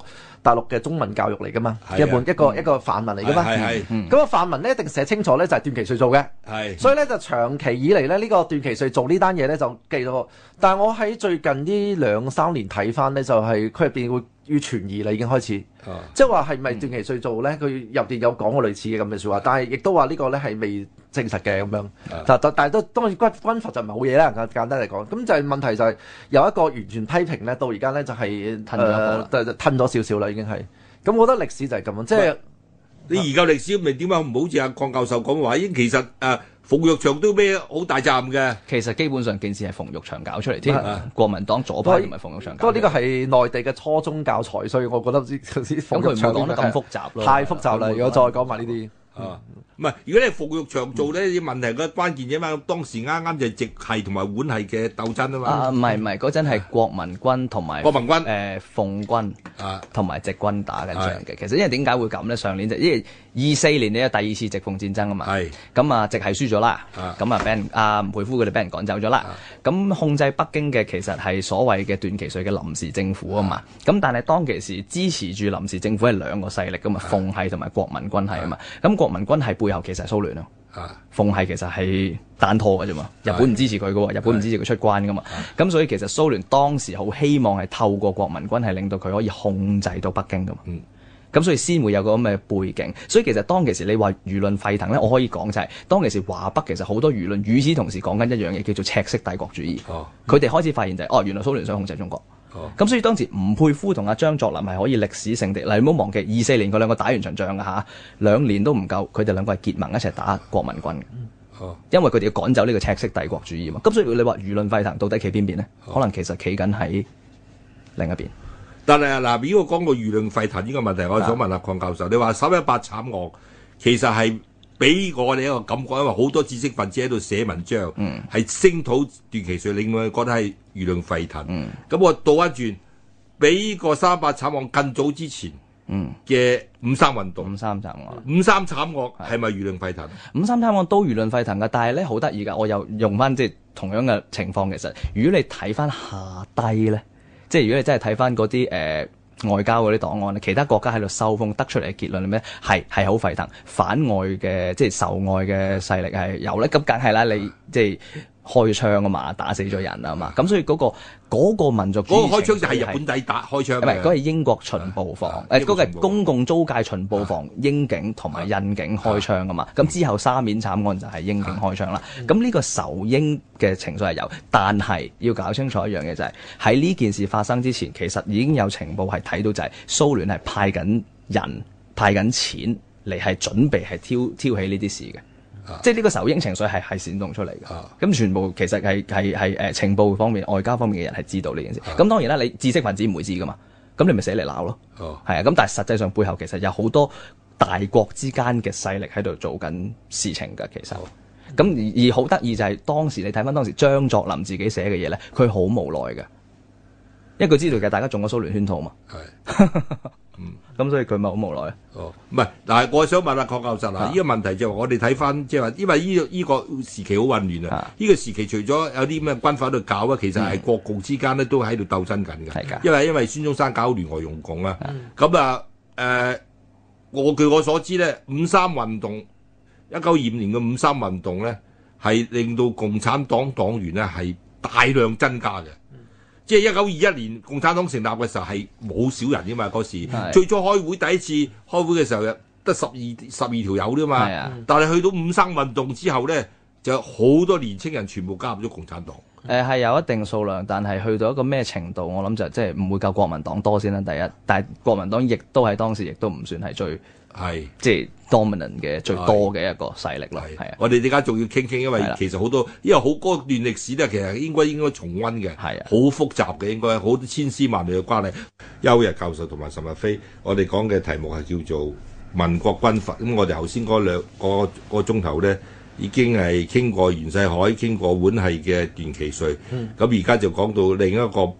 大陸嘅中文教育嚟噶嘛，日本、啊、一個一個範文嚟噶嘛，咁啊範文咧一定寫清楚咧就係、是、段祺瑞做嘅，是所以咧就長期以嚟咧呢、這個段祺瑞做呢單嘢咧就記得，但係我喺最近呢兩三年睇翻咧就係佢入邊會。要存疑啦，已經開始，即係話係咪定期稅做咧？佢入邊有講過類似嘅咁嘅説話，但係亦都話呢個咧係未證實嘅咁樣。啊、就但係都當然軍軍閥就唔係好嘢啦，簡單嚟講。咁就係問題就係、是、有一個完全批評咧，到而家咧就係吞咗少少啦，已經係。咁我覺得歷史就係咁樣，即、就、係、是是啊、你而家歷史咪點解唔好似阿鄺教授講話？已經其實誒。呃馮玉祥都咩好大站嘅，其實基本上件事係馮玉祥搞出嚟添，是國民黨左派唔係馮玉祥搞出嚟。的不過呢個係內地嘅初中教材，所以我覺得唔好唔好講得咁複雜啦，的太複雜啦！的如果再講埋呢啲。啊，唔係，如果你咧馮玉祥做咧，問題個關鍵嘢嘛，當時啱啱就直系同埋皖系嘅鬥爭啊嘛。啊，唔係唔係，嗰陣係國民軍同埋國民軍誒奉軍啊，同埋、呃、直軍打緊仗嘅。啊、其實因為點解會咁呢？上年就是、因為二四年呢有第二次直奉戰爭啊嘛。係是。咁啊、嗯，直系輸咗啦。啊、嗯。咁啊，俾人阿吳佩孚佢哋俾人趕走咗啦。咁、嗯、控制北京嘅其實係所謂嘅段祺瑞嘅臨時政府啊嘛。咁但係當其時支持住臨時政府係兩個勢力噶嘛，奉是系同埋國民軍係啊嘛。咁、嗯嗯、國國民軍系背後其實係蘇聯咯，奉、啊、系其實係單拖嘅啫嘛，日本唔支持佢嘅，啊、日本唔支持佢出關嘅嘛，咁、啊、所以其實蘇聯當時好希望係透過國民軍係令到佢可以控制到北京嘅嘛，咁、嗯、所以先會有個咁嘅背景，所以其實當其時你話輿論沸騰咧，嗯、我可以講就係當其時華北其實好多輿論與此同時講緊一樣嘢叫做赤色帝國主義，佢哋、嗯、開始發現就係、是、哦原來蘇聯想控制中國。咁、哦、所以當時吳佩孚同阿張作霖係可以歷史性地嗱，你唔好忘記二四年佢兩個打完場仗嘅嚇，兩年都唔夠，佢哋兩個係結盟一齊打國民軍嘅，嗯哦、因為佢哋要趕走呢個赤色帝國主義嘛。咁所以你話輿論沸騰，到底企邊邊呢？可能其實企緊喺另一邊。但係嗱，如果講到輿論沸騰呢個問題，我想問阿鄺的教授，你話三一八慘案其實係？俾我哋一個感覺，因為好多知識分子喺度寫文章，係、嗯、聲討段祺瑞，令我哋覺得係輿論沸騰。咁、嗯、我倒一轉，俾個三八慘案更早之前嘅五三運動，嗯、五三慘案，五三慘案係咪輿論沸騰？五三慘案都輿論沸騰噶，但係咧好得意噶，我又用翻即係同樣嘅情況。其實如果你睇翻下低咧，即係如果你真係睇翻嗰啲誒。呃外交嗰啲檔案咧，其他國家喺度收風，得出嚟嘅結論係咩？係係好沸騰，反外嘅即係受外嘅勢力係有咧，咁梗係啦，你即係開槍啊嘛，打死咗人啊嘛，咁所以嗰個。嗰個民族，嗰個開槍就係日本底打開槍，唔係，嗰係英國巡捕房，誒、啊，嗰、啊、個、呃、公共租界巡捕房、啊、英警同埋印警開槍噶嘛，咁、啊、之後沙面慘案就係英警開槍啦，咁呢、啊啊、個仇英嘅情緒係有，但係要搞清楚一樣嘢就係喺呢件事發生之前，其實已經有情報係睇到就係蘇聯係派緊人、派緊錢嚟係準備係挑挑起呢啲事嘅。即係呢個仇英情緒係係煽動出嚟嘅，咁、啊、全部其實係係係誒情報方面、外交方面嘅人係知道呢件事。咁是當然啦，你知識分子唔會知噶嘛，咁你咪寫嚟鬧咯。係啊、哦，咁但係實際上背後其實有好多大國之間嘅勢力喺度做緊事情㗎。其實，咁、哦、而好得意就係當時你睇翻當時張作霖自己寫嘅嘢咧，佢好無奈嘅，因為佢知道嘅，大家中咗蘇聯圈套啊嘛。是 嗯，咁所以佢咪好無奈？哦，唔係，嗱，我想問下，鄺教授啊，依的個問題就係我哋睇翻，即係話，因為呢個依個時期好混亂啊。呢的個時期除咗有啲咩軍閥喺度搞啊，其實係國共之間咧都喺度鬥爭緊嘅。係的因為因為孫中山搞聯俄容共啊。咁啊的，誒、呃，我據我所知咧，五三運動一九二五年嘅五三運動咧，係令到共產黨黨員咧係大量增加嘅。即係一九二一年共產黨成立嘅時候，係冇少人嘅嘛。嗰時最初，開會第一次開會嘅時候得十二十二條友啫嘛，啊、但係去到五卅運動之後咧，就好多年青人全部加入咗共產黨。誒係有一定數量，但係去到一個咩程度？我諗就即係唔會夠國民黨多先啦、啊。第一，但係國民黨亦都係當時亦都唔算係最。係即係 dominant 嘅最多嘅一個勢力咯，係啊！我哋而家仲要傾傾，因為其實好多，因為好嗰段歷史咧，其實應該應該重溫嘅，係啊，好複雜嘅，應該好多千絲萬縷嘅關係。邱日教授同埋岑日飛，我哋講嘅題目係叫做民國軍閥。咁我哋頭先嗰兩個個鐘頭咧，已經係傾過袁世凱，傾過皖系嘅段祺瑞，咁而家就講到另一個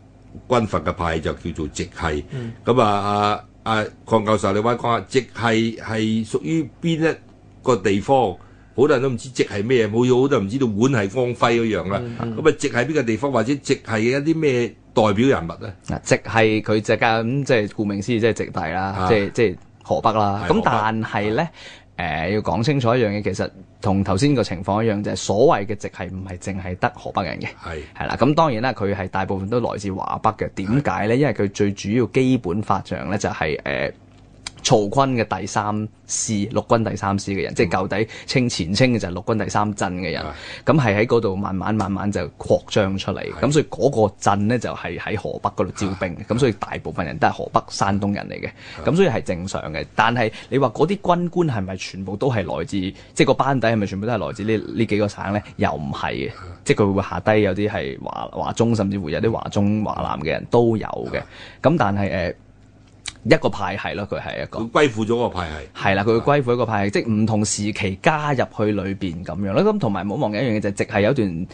軍閥嘅派就叫做直系。咁啊啊！啊，鄺、呃、教授，你話講下直系係屬於邊一個地方？好多人都唔知直系咩，冇好多都唔知道皖系光輝嗰樣啦。咁啊、嗯，嗯、是直系邊個地方，或者直系一啲咩代表人物咧？嗯就是、啊，直系佢即係即係顧名思義，即係直隸啦，即係即係河北啦。咁是但係咧。啊誒、呃、要講清楚一樣嘢，其實同頭先個情況一樣，就係所謂嘅直系唔係淨係得河北人嘅，係係啦。咁、嗯、當然啦，佢係大部分都來自華北嘅。點解呢？是因為佢最主要基本法上呢，就係、是、誒。呃曹軍嘅第三師，陸軍第三師嘅人，嗯、即係舊底清前清嘅就係陸軍第三鎮嘅人，咁係喺嗰度慢慢慢慢就擴張出嚟，咁的所以嗰個鎮呢就係喺河北嗰度招兵，咁、啊、所以大部分人都係河北、山東人嚟嘅，咁、啊、所以係正常嘅。但係你話嗰啲軍官係咪全部都係來自，即係個班底係咪全部都係來自呢呢幾個省呢？又唔係嘅，啊、即係佢會，會下低有啲係華華中，甚至乎有啲華中華南嘅人都有嘅。咁、嗯嗯、但係誒。呃一個派系咯，佢係一個，佢歸附咗個派系，係啦，佢會歸附一個派系，是的 即係唔同時期加入去裏邊咁樣啦。咁同埋唔好忘記一樣嘢就係，直係有段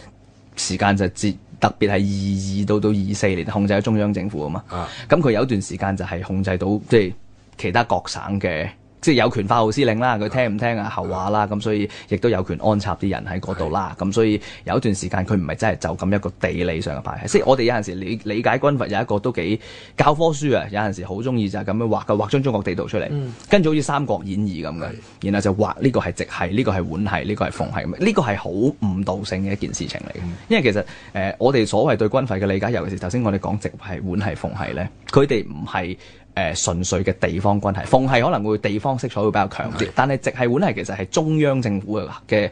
時間就特別係二二到到二四年控制咗中央政府啊嘛。咁佢是的 有段時間就係控制到即係其他各省嘅。即係有權發號施令啦，佢聽唔聽啊後話啦，咁、嗯、所以亦都有權安插啲人喺嗰度啦。咁是所以有一段時間佢唔係真係就咁一個地理上嘅派系。是即係我哋有陣時理理解軍閥有一個都幾教科書啊，有陣時好中意就係咁樣畫嘅，畫張中國地圖出嚟，跟住、嗯、好似《三國演義》咁嘅是，然後就畫呢個係直系，呢、這個係皖系，呢、這個係奉系，呢、這個係好誤導性嘅一件事情嚟嘅。因為其實誒、呃，我哋所謂對軍閥嘅理解，尤其是頭先我哋講直系、皖系、奉系咧，佢哋唔係。誒、呃、純粹嘅地方軍系，奉系可能會地方色彩會比較強啲，的但係直系皖系其實係中央政府嘅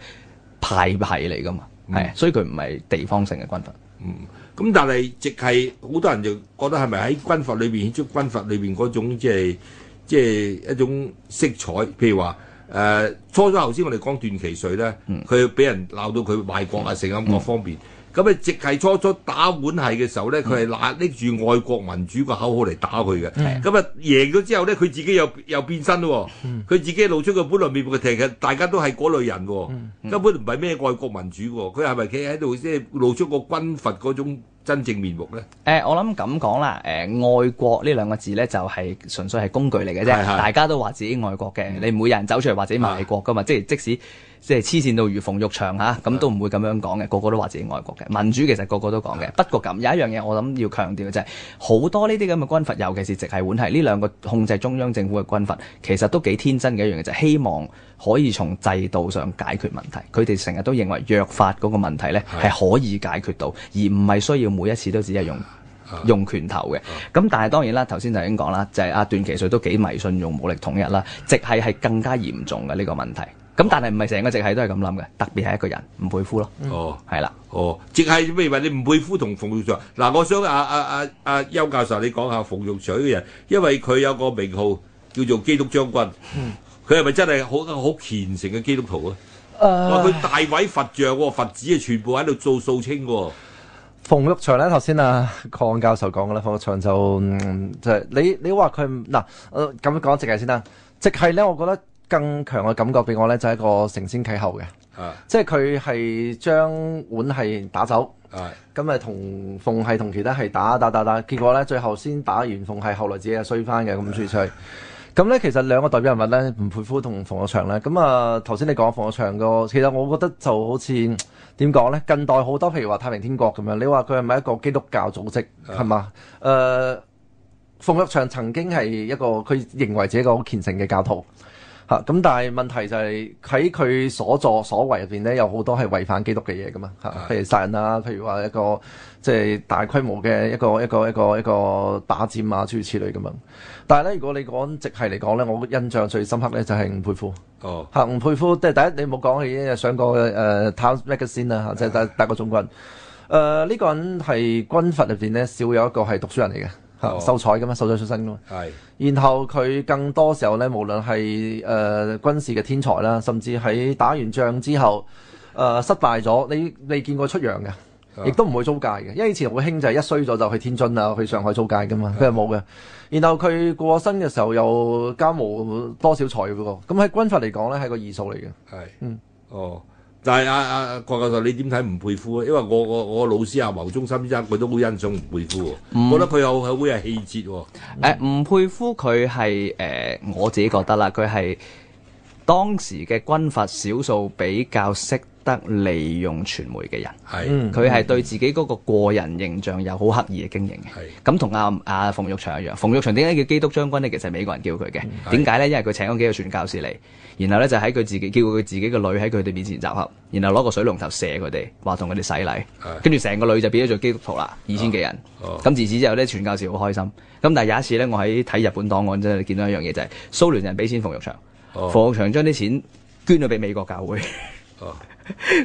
派系嚟㗎嘛，係、嗯，所以佢唔係地方性嘅軍閥。嗯，咁但係直系好多人就覺得係咪喺軍閥裏邊顯出軍閥裏邊嗰種即係即係一種色彩？譬如話誒，初初頭先我哋講段祺瑞咧，佢俾、嗯、人鬧到佢賣國啊，成咁、嗯、各方面。嗯嗯咁啊，直系初初打碗系嘅時候咧，佢係拿拎住、嗯、愛國民主個口號嚟打佢嘅。咁啊，贏咗之後咧，佢自己又又變身喎。佢自己露出個本來面目嘅，其實大家都係嗰類人喎，根本唔係咩愛國民主喎。佢係咪企喺度即係露出個軍閥嗰種？真正面目呢？誒、呃，我諗咁講啦。誒、呃，愛國呢兩個字呢，就係、是、純粹係工具嚟嘅啫。是是是大家都話自己愛國嘅，嗯、你唔會有人走出嚟話自己賣國㗎嘛？是是即係即使即係黐線到如逢玉牆嚇，咁都唔會咁樣講嘅。個個都話自己愛國嘅是是 民主，其實個個都講嘅。是是不過咁有一樣嘢，我諗要強調嘅就係、是、好多呢啲咁嘅軍閥，尤其是直系皖系呢兩個控制中央政府嘅軍閥，其實都幾天真嘅，一樣嘢。就是、希望。可以從制度上解決問題，佢哋成日都認為約法嗰個問題呢係可以解決到，而唔係需要每一次都只係用用拳頭嘅。咁但係當然啦，頭先就已經講啦，就係阿段祺瑞都幾迷信用武力統一啦，直係係更加嚴重嘅呢個問題。咁但係唔係成個直係都係咁諗嘅，特別係一個人吳佩孚咯。哦，係啦。哦，直係譬如話你吳佩孚同馮玉祥嗱，我想阿阿阿阿邱教授你講下馮玉祥嘅人，因為佢有個名號叫做基督將軍。佢係咪真係好好虔誠嘅基督徒啊？話佢大位佛像、哦、佛子啊，全部喺度做掃清喎。馮玉祥咧，頭、嗯、先、就是、啊，鄺教授講嘅啦，馮玉祥就就係你你話佢嗱，咁講直係先啦。直係咧，我覺得更強嘅感覺俾我咧，就係、是、一個承先啟後嘅，即係佢係將碗係打走，咁啊同馮係同其他係打打打打，打，結果咧最後先打完馮係，後來自己又衰翻嘅咁衰衰。打咁咧，其實兩個代表人物咧，吳佩孚同馮玉祥咧。咁啊，頭先你講馮玉祥個，其實我覺得就好似點講咧，近代好多，譬如話太平天國咁樣。你話佢係咪一個基督教組織係嘛？誒、啊呃，馮玉祥曾經係一個佢認為自己一個好虔誠嘅教徒。咁、啊、但係問題就係喺佢所作所為入邊咧，有好多係違反基督嘅嘢噶嘛，嚇、啊，譬如殺人啦、啊，譬如話一個即係大規模嘅一個一個一個一個,一個打仗啊諸如此類咁樣。但係咧，如果你講直係嚟講咧，我印象最深刻咧就係、是、吳佩孚。哦、oh.，嚇，吳佩孚即係第一，你冇講起上過誒湯麥克先啊，嚇、啊，即係大個總軍。誒呢、啊這個人係軍閥入邊咧，少有一個係讀書人嚟嘅。秀才噶嘛，秀才、oh. 出身噶嘛，係，Yes. 然後佢更多時候咧，無論係誒、呃、軍事嘅天才啦，甚至喺打完仗之後誒、呃、失敗咗，你你見過出洋嘅，亦、oh. 都唔會租界嘅，因為以前好興就係一衰咗就去天津啊，去上海租界噶嘛，佢係冇嘅。Oh. 然後佢過身嘅時候又加冇多少財嘅喎，咁喺軍閥嚟講咧係個異數嚟嘅，係，嗯，哦。就係阿阿郭教授，你點睇吳佩孚？因為我我我老師啊，毛中心先生佢都好欣賞吳佩孚，嗯、覺得佢有係會係氣節喎。誒、嗯呃，吳佩孚佢係誒我自己覺得啦，佢係當時嘅軍閥少數比較識得利用傳媒嘅人，佢係的對自己嗰個個人形象有好刻意嘅經營嘅。咁同阿阿馮玉祥一樣，馮玉祥點解叫基督將軍呢？其實係美國人叫佢嘅。點解的呢？因為佢請咗幾個傳教士嚟，然後咧就喺佢自己叫佢自己個女喺佢哋面前集合，然後攞個水龍頭射佢哋，話同佢哋洗禮。跟住成個女就變咗做基督徒啦，二千幾人。咁、啊啊、自此之後咧，傳教士好開心。咁但係有一次咧，我喺睇日本檔案真係見到一樣嘢，就係、是、蘇聯人俾錢馮玉祥，馮玉祥將啲錢捐咗俾美國教會。啊啊啊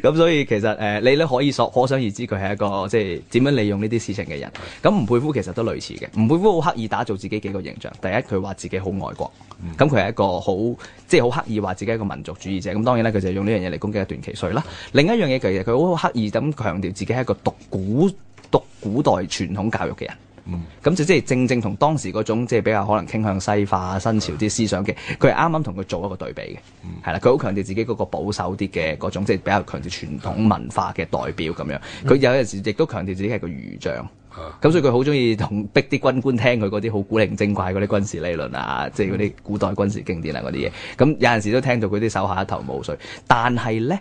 咁 所以其實誒、呃，你咧可以所可想而知，佢係一個即係點樣利用呢啲事情嘅人。咁吳佩孚其實都類似嘅，吳佩孚好刻意打造自己幾個形象。第一，佢話自己好愛國，咁佢係一個好即係好刻意話自己係一個民族主義者。咁當然啦，佢就用呢樣嘢嚟攻擊段祺瑞啦。另一樣嘢就係佢好刻意咁強調自己係一個讀古讀古代傳統教育嘅人。咁就即係正正同當時嗰種即係比較可能傾向西化、新潮啲思想嘅，佢係啱啱同佢做一個對比嘅，係啦、嗯，佢好強調自己嗰個保守啲嘅嗰種即係、就是、比較強調傳統文化嘅代表咁樣。佢有陣時亦都強調自己係個儒將，咁、嗯、所以佢好中意同逼啲軍官聽佢嗰啲好古靈精怪嗰啲軍事理論啊，即係嗰啲古代軍事經典啊嗰啲嘢。咁、嗯、有陣時都聽到佢啲手下一頭霧水，但係呢，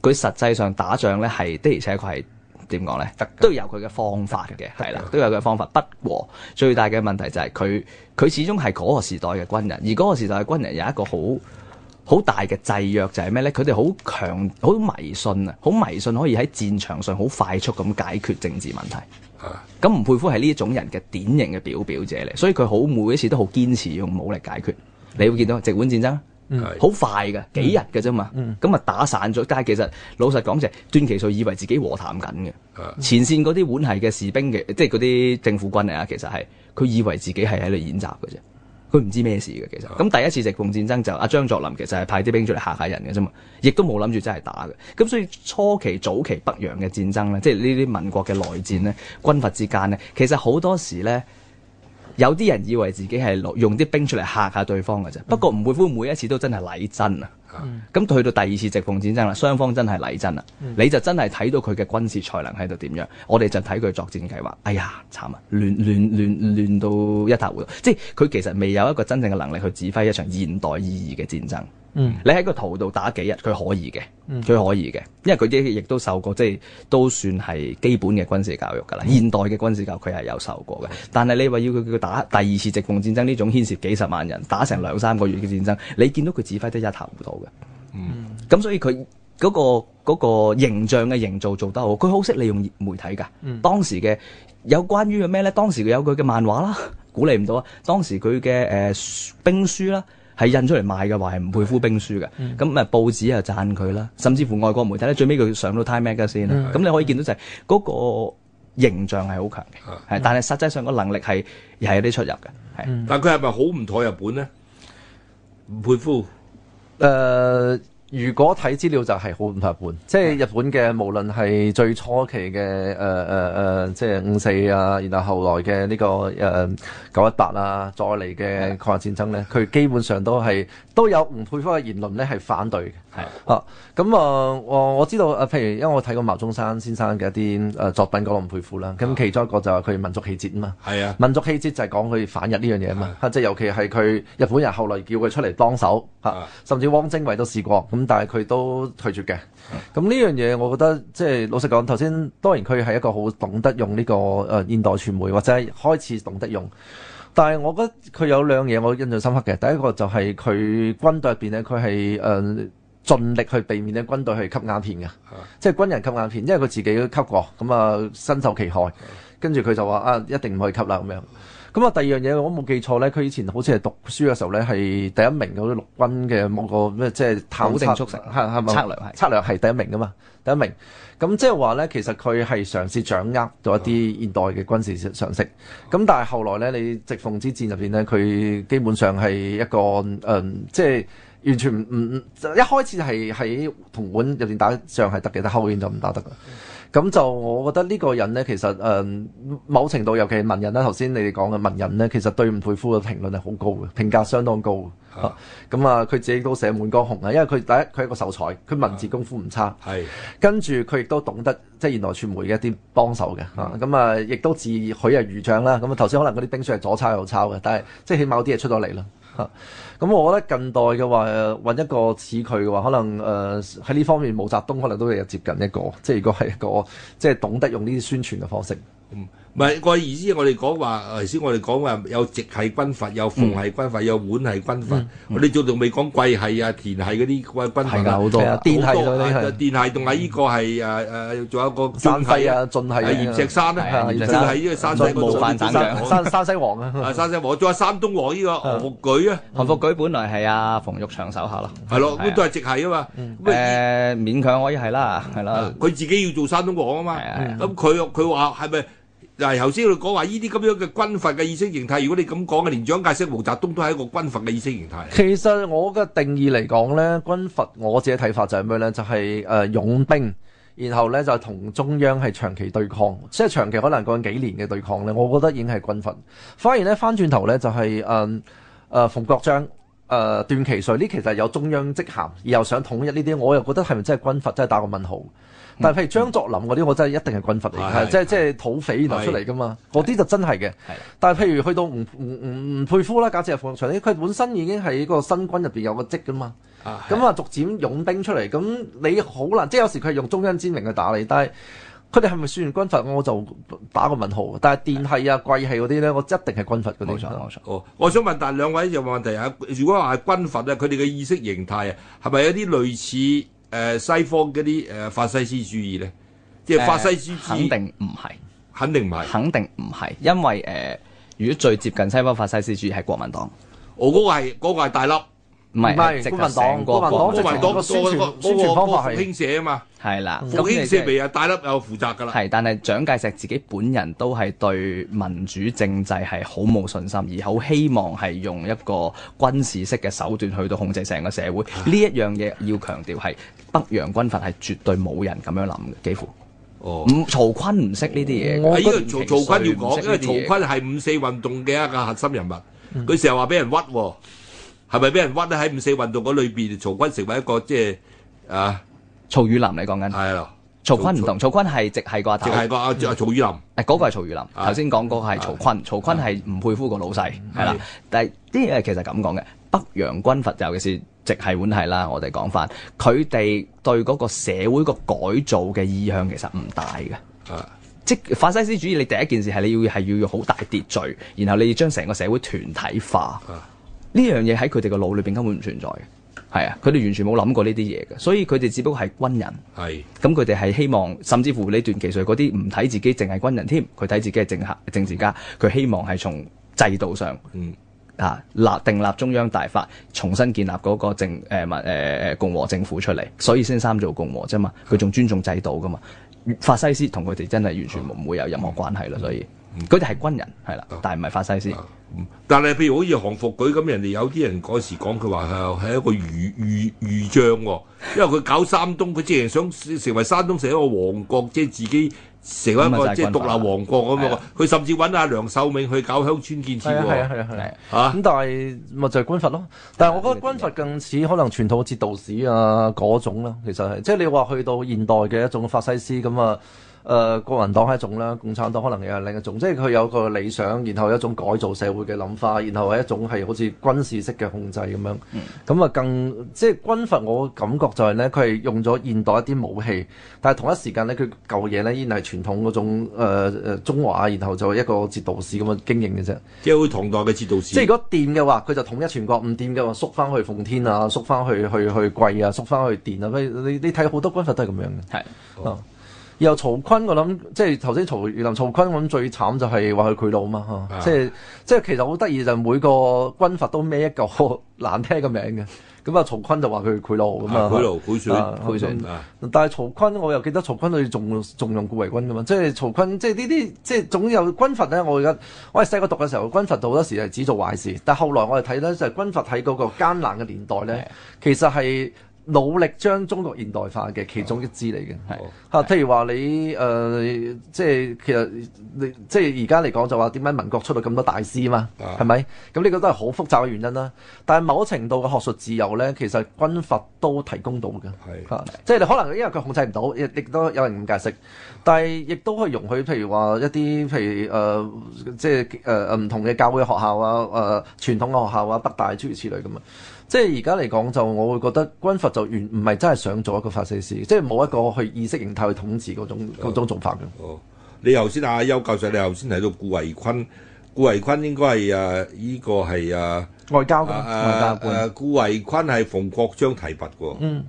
佢實際上打仗呢，係的而且確係。點講咧？呢得都有佢嘅方法嘅，係啦，都有佢嘅方法。不過但最大嘅問題就係佢，佢、嗯、始終係嗰個時代嘅軍人，而嗰個時代嘅軍人有一個好好大嘅制約，就係咩呢？佢哋好強，好迷信啊，好迷信可以喺戰場上好快速咁解決政治問題。咁吳、啊、佩孚係呢種人嘅典型嘅表表者嚟，所以佢好每一次都好堅持用武力解決。嗯、你會見到直皖戰爭。好、嗯、快嘅，幾日嘅啫嘛，咁啊、嗯、打散咗。但係其實老實講就係段祺瑞以為自己和談緊嘅，嗯、前線嗰啲皖系嘅士兵，嘅，即係嗰啲政府軍啊，其實係佢以為自己係喺度演習嘅啫，佢唔知咩事嘅其實。咁、嗯、第一次直奉戰爭就阿張作霖其實係派啲兵出嚟嚇下人嘅啫嘛，亦都冇諗住真係打嘅。咁所以初期早期北洋嘅戰爭咧，即係呢啲民國嘅內戰咧，軍閥之間咧，其實好多時咧。有啲人以為自己係攞用啲兵出嚟嚇下對方嘅啫，不過唔會乎每一次都真係嚟真啊。咁去、嗯、到第二次直奉戰爭啦，雙方真係嚟真啦，你就真係睇到佢嘅軍事才能喺度點樣。我哋就睇佢作戰計劃。哎呀，慘啊！亂亂亂亂，亂到一塌糊塗，嗯、即係佢其實未有一個真正嘅能力去指揮一場現代意義嘅戰爭。嗯，你喺個圖度打幾日，佢可以嘅，佢可以嘅，因為佢啲亦都受過，即係都算係基本嘅軍事教育噶啦。嗯、現代嘅軍事教育，佢係有受過嘅，嗯、但係你話要佢叫佢打第二次直奉戰爭呢種牽涉幾十萬人打成兩三個月嘅戰爭，嗯、你見到佢指揮得一塌糊塗嘅。嗯，咁所以佢嗰、嗰個、嗰個形象嘅營造做得好，佢好識利用媒體噶。嗯，嗯當時嘅有關於嘅咩呢？當時佢有佢嘅漫畫啦，鼓勵唔到啊。當時佢嘅誒兵書啦。係印出嚟賣嘅話，係吳佩孚兵書嘅。咁咪、嗯、報紙又讚佢啦，甚至乎外國媒體咧，最尾佢上到 Time Magazine 啦。咁你可以見到就係嗰個形象係好強嘅，係、嗯，但係實際上個能力係又係有啲出入嘅。係，嗯、但佢係咪好唔妥日本呢？吳佩孚，誒、呃。如果睇資料就係好唔同，即係日本嘅無論係最初期嘅誒誒誒，即係五四啊，然後後來嘅呢、這個誒九一八啊，再嚟嘅抗日戰爭咧，佢基本上都係。都有吳佩孚嘅言論咧，係反對嘅。係的啊，咁啊、呃，我我知道啊，譬如因為我睇過茅中山先生嘅一啲誒、呃、作品，覺得吳佩孚啦。咁其中一個就係佢民族氣節啊嘛。係啊的，民族氣節就係講佢反日呢樣嘢啊嘛。即係的、啊、尤其係佢日本人後來叫佢出嚟幫手嚇，甚至汪精衛都試過，咁、嗯、但係佢都拒絕嘅。咁呢樣嘢，啊、我覺得即係、就是、老實講，頭先當然佢係一個好懂得用呢個誒現代傳媒，或者係開始懂得用。但係我覺得佢有兩嘢我印象深刻嘅。第一個就係佢軍隊入邊咧，佢係誒盡力去避免咧軍隊去吸鴉片嘅，啊、即係軍人吸鴉片，因為佢自己都吸過，咁啊身受其害，跟住佢就話啊一定唔可以吸啦咁樣。咁啊，第二樣嘢，我冇記錯咧，佢以前好似係讀書嘅時候咧，係第一名嗰啲陸軍嘅某個咩，即係保定速成，係咪？係係策略係策略係第一名噶嘛，第一名。咁、嗯、即係話咧，其實佢係嘗試掌握咗一啲現代嘅軍事常識。咁、嗯嗯、但係後來咧，你直奉之戰入邊咧，佢基本上係一個誒、呃，即係完全唔唔，一開始係喺同本入邊打仗係得嘅，但後邊就唔打得啦。嗯咁就我覺得呢個人呢，其實誒、呃、某程度尤其文人啦，頭先你哋講嘅文人呢，其實對吳佩孚嘅評論係好高嘅，評價相當高嚇。咁啊，佢、啊嗯啊、自己都寫滿江紅啊，因為佢第一佢係一個秀才，佢文字功夫唔差，係、啊、跟住佢亦都懂得即係現代傳媒嘅一啲幫手嘅嚇。咁啊，亦、嗯嗯啊嗯啊、都自許係儒將啦。咁、嗯、啊，頭先可能嗰啲兵書係左抄右抄嘅，但係即係起碼有啲嘢出咗嚟啦。嚇！咁、啊、我覺得近代嘅話揾、啊、一個似佢嘅話，可能誒喺呢方面，毛澤東可能都會有接近一個，即係如果係一個即係懂得用呢啲宣傳嘅方式。嗯。唔係個意思，我哋講話頭先，我哋講話有直系軍閥，有奉系軍閥，有皖系軍閥。我哋仲仲未講桂系啊、滇系嗰啲貴軍閥啊好多，好多啊。滇系仲啊，呢個係誒誒，仲有個晉系啊，晉系啊，閻錫山咧，閻錫山係呢個山西嗰度發展，山山西王啊，山西王仲有山東王呢個韓復榘啊，韓復榘本來係阿馮玉祥手下咯，係咯，咁都係直系啊嘛。誒，勉強可以係啦，係啦。佢自己要做山東王啊嘛，咁佢佢話係咪？嗱，頭先佢講話呢啲咁樣嘅軍閥嘅意識形態，如果你咁講嘅，連蔣介石、毛澤東都係一個軍閥嘅意識形態。其實我嘅定義嚟講呢，軍閥我自己睇法就係咩呢？就係誒擁兵，然後呢就同中央係長期對抗，即係長期可能過咗幾年嘅對抗呢，我覺得已經係軍閥。反而呢、就是，翻轉頭呢，就係誒誒馮國璋、誒、呃、段祺瑞呢，其實有中央職銜，而又想統一呢啲，我又覺得係咪真係軍閥？真係打個問號。但係譬如張作霖嗰啲，我真係一定係軍閥嚟嘅，即係即係土匪流出嚟噶嘛。嗰啲就真係嘅。但係譬如去到吳吳吳佩孚啦，假設係馮玉祥，佢本身已經喺個新軍入邊有個職噶嘛。咁話逐漸傭兵出嚟，咁你好難。即係有時佢係用中央之名去打你，但係佢哋係咪算軍閥？我我就打個問號。但係電系啊、貴系嗰啲咧，我一定係軍閥啲。冇錯，冇錯。我想問，但係兩位有冇問題啊？如果話係軍閥啊，佢哋嘅意識形態啊，係咪有啲類似？誒、呃、西方嗰啲誒，法西斯主義咧，即係法西斯肯定唔係，肯定唔係，肯定唔係，因為誒、呃，如果最接近西方法西斯主義係國民黨，我嗰個係嗰個係大粒。唔係，唔係國民黨個國民黨個宣傳，不宣傳方法復興社啊嘛，係 音 ữ 啦。復興社咪又大粒有負責噶啦。係，音 ữ 但係蔣介石自己本人都係對民主政制係好冇信心，而好希望係用一個軍事式嘅手段去到控制成個社會。呢、啊、一樣嘢要強調係北洋軍閥係絕對冇人咁樣諗嘅，幾乎哦。曹坤唔識呢啲嘢。我覺得、 啊這個、曹坤要講，因為曹坤係五四運動嘅一個核心人物，佢成日話俾人屈喎。嗯係咪俾人屈得喺五四運動嗰裏邊？曹錕成為一個即係啊，曹汝霖你講緊係咯？曹錕唔同，曹錕係直係個頭，直係個阿阿曹汝霖。誒，嗰個係曹汝霖，頭先講嗰個係曹錕。曹錕係吳佩孚個老細，係啦。但係啲嘢其實咁講嘅，北洋軍閥尤其係，直係皖係啦。我哋講翻佢哋對嗰個社會個改造嘅意向其實唔大嘅。係即法西斯主義，你第一件事係你要係要用好大秩序，然後你要將成個社會團體化。呢樣嘢喺佢哋嘅腦裏邊根本唔存在嘅，係啊，佢哋完全冇諗過呢啲嘢嘅，所以佢哋只不過係軍人，係咁佢哋係希望，甚至乎呢段其實嗰啲唔睇自己，淨係軍人添，佢睇自己係政客、政治家，佢希望係從制度上，嗯啊立定立中央大法，重新建立嗰個政誒文誒共和政府出嚟，所以先三做共和啫嘛，佢仲尊重制度㗎嘛，法西斯同佢哋真係完全唔會有任何關係啦，所以。嗰啲係軍人，係啦，但係唔係法西斯。啊啊嗯、但係譬如好似韓復榘咁，人哋有啲人嗰時講佢話係一個儒儒儒將喎、哦，因為佢搞山東，佢即係想成為山東成一個王國，即係自己成一個、嗯就是、即係獨立王國咁樣。佢、啊啊、甚至揾阿梁漱溟去搞鄉村建設。係啊係啊係啊嚇！咁、嗯、但係咪就係、是、軍閥咯？但係我覺得軍閥更似可能傳統節度使啊嗰種啦、啊，其實係即係你話去到現代嘅一種法西斯咁啊。嗯嗯。誒、呃，國民黨係一種啦，共產黨可能又係另一種，即係佢有個理想，然後有一種改造社會嘅諗法，然後係一種係好似軍事式嘅控制咁樣。嗯樣更，咁啊，更即係軍閥，我感覺就係呢，佢係用咗現代一啲武器，但係同一時間呢，佢舊嘢呢依然係傳統嗰種誒誒、呃、中華，然後就一個節度使咁樣經營嘅啫。即係好唐代嘅節度使。即係如果掂嘅話，佢就統一全國；唔掂嘅話，縮翻去奉天啊，縮翻去去去桂啊，縮翻去滇啊。你你睇好多軍閥都係咁樣嘅。係的。嗯嗯由曹坤，我諗即係頭先，曹袁林曹坤咁最慘就係話佢賄賂嘛，吓的，即係即係其實好得意就每個軍閥都孭一個難聽嘅名嘅，咁啊曹坤就話佢賄賂咁啊，賄賂賄選賄選但係曹坤我又記得曹坤佢仲重用顧維鈞噶嘛，即係曹坤即係呢啲即係總有軍閥咧。我而家我係細個讀嘅時候，軍閥好多時係只做壞事，但係後來我哋睇咧就係、是、軍閥喺嗰個艱難嘅年代咧，其實係的。努力將中國現代化嘅其中一支嚟嘅，嚇、啊，譬、啊、如話你誒、呃，即係其實你即係而家嚟講就話點解民國出到咁多大師啊嘛，係咪、啊？咁呢個都係好複雜嘅原因啦。但係某程度嘅學術自由咧，其實軍閥都提供到嘅，是啊、即係你可能因為佢控制唔到，亦亦都有人咁解釋。但係亦都可以容許譬，譬如話一啲譬如誒，即係誒唔同嘅教會學校啊，誒、呃、傳統嘅學校啊，北大諸如此類咁啊。即係而家嚟講，就我會覺得軍閥就完，唔係真係想做一個法西斯，即係冇一個去意識形態去統治嗰種，嗰種做法嘅。哦，你頭先阿邱教授，你頭先提到顧維坤，顧維坤應該係啊，依、這個係啊外交外交官。誒、啊啊，顧維昆係馮國璋提拔嘅。嗯，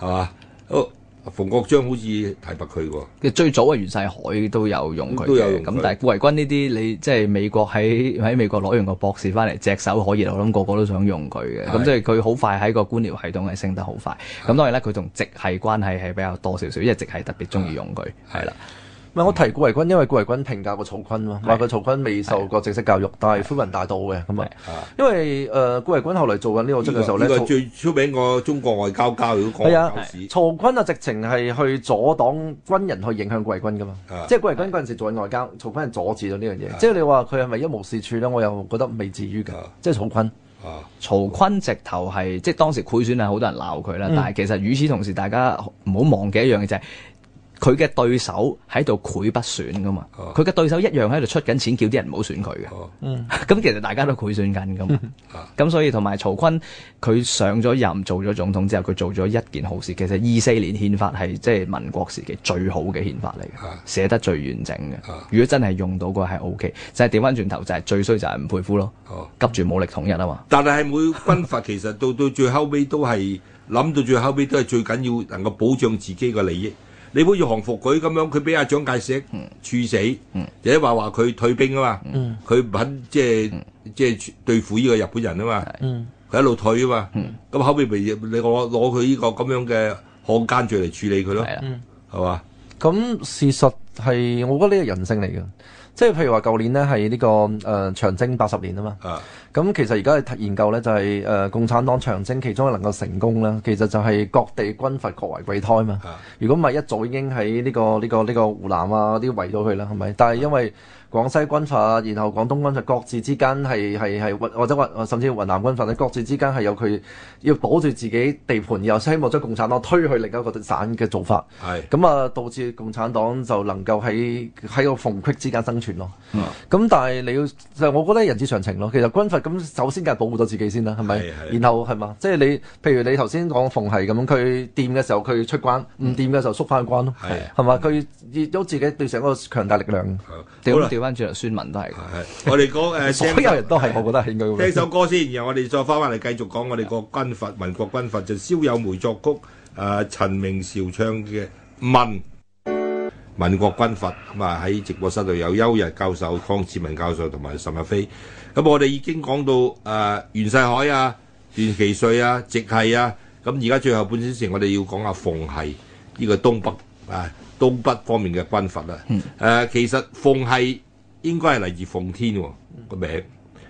係，係嘛？好。馮國璋好似提拔佢喎，最早啊袁世凱都有用佢，都有用佢。咁但係顧維鈞呢啲，你即係美國喺喺美國攞完個博士翻嚟，隻手可以，我諗個個都想用佢嘅。咁即係佢好快喺個官僚系統係升得好快。咁是當然咧，佢同直系關係係比較多少少，因為直系特別中意用佢，係啦是。是唔係我提顧維鈞，因為顧維鈞評價過曹錕咯，話佢曹錕未受過正式教育，但係灰雲大道嘅咁啊。因為誒顧維鈞後嚟做緊呢個，即係就呢個最出名個中國外交教育。歷啊，曹錕啊，直情係去阻擋軍人去影響顧維鈞噶嘛，即係顧維鈞嗰陣時做緊外交，曹錕係阻止咗呢樣嘢。即係你話佢係咪一無是處咧？我又覺得未至於㗎。即係曹錕，曹錕直頭係即係當時賄選係好多人鬧佢啦，但係其實與此同時，大家唔好忘記一樣嘅就係。佢嘅對手喺度賄不選噶嘛？佢嘅、啊、對手一樣喺度出緊錢，叫啲人唔好選佢嘅、啊。嗯，咁 其實大家都賄選緊嘛。咁、啊、所以同埋曹錕，佢上咗任做咗總統之後，佢做咗一件好事。其實二四年憲法係即係民國時期最好嘅憲法嚟嘅，啊、寫得最完整嘅。如果真係用到嘅係 O K，就係調翻轉頭就係、是、最衰就係吳佩孚咯。急住武力統一啊嘛。嗯嗯、但係係每軍閥其實到到最後尾都係諗到最後尾都係最緊要能夠保障自己個利益。你好似韓復榘咁樣，佢俾阿蔣介石處死，即係話話佢退兵啊嘛，佢唔肯、嗯、即係、嗯、即係對付呢個日本人啊嘛，佢、嗯、一路退啊嘛，咁、嗯、後邊咪你攞攞佢呢個咁樣嘅漢奸罪嚟處理佢咯，係嘛、嗯？咁吧、嗯、事實係，我覺得呢個人性嚟嘅。即係譬如話，舊年咧係呢個誒、呃、長征八十年啊嘛。咁、啊、其實而家嘅研究呢，就係、係、誒、呃、共產黨長征其中能夠成功啦，其實就係各地軍閥各懷鬼胎嘛。啊、如果唔係一早已經喺呢、呢個呢、呢個呢、呢個湖南啊啲圍咗佢啦，係咪？但係因為廣西軍閥，然後廣東軍閥各自之間係係係或者或甚至雲南軍閥咧，各自之間係有佢要保住自己地盤，又希望將共產黨推去另一個省嘅做法。係咁是啊，導致共產黨就能夠喺喺個縫隙之間生存。咯，咁但係你要，就係我覺得人之常情咯。其實軍閥咁首先梗係保護多自己先啦，係咪？然後係嘛，即係你，譬如你頭先講馮系咁，佢掂嘅時候佢出關，唔掂嘅時候縮翻關咯，係嘛？佢都自己對成嗰個強大力量，調啦，調翻轉嚟，孫文都係。我哋講誒，所有人都係我覺得係應該聽首歌先，然後我哋再翻翻嚟繼續講我哋個軍閥，民國軍閥就蕭友梅作曲，啊陳明照唱嘅《問》。民國軍閥咁啊，喺直播室度有邱日教授、康志文教授同埋岑日飛，咁我哋已經講到誒袁世凱啊、段祺瑞啊、直系啊，咁而家最後半小時我哋要講下奉系呢個東北啊，東北方面嘅軍閥啦。誒其實奉系應該係嚟自奉天個名，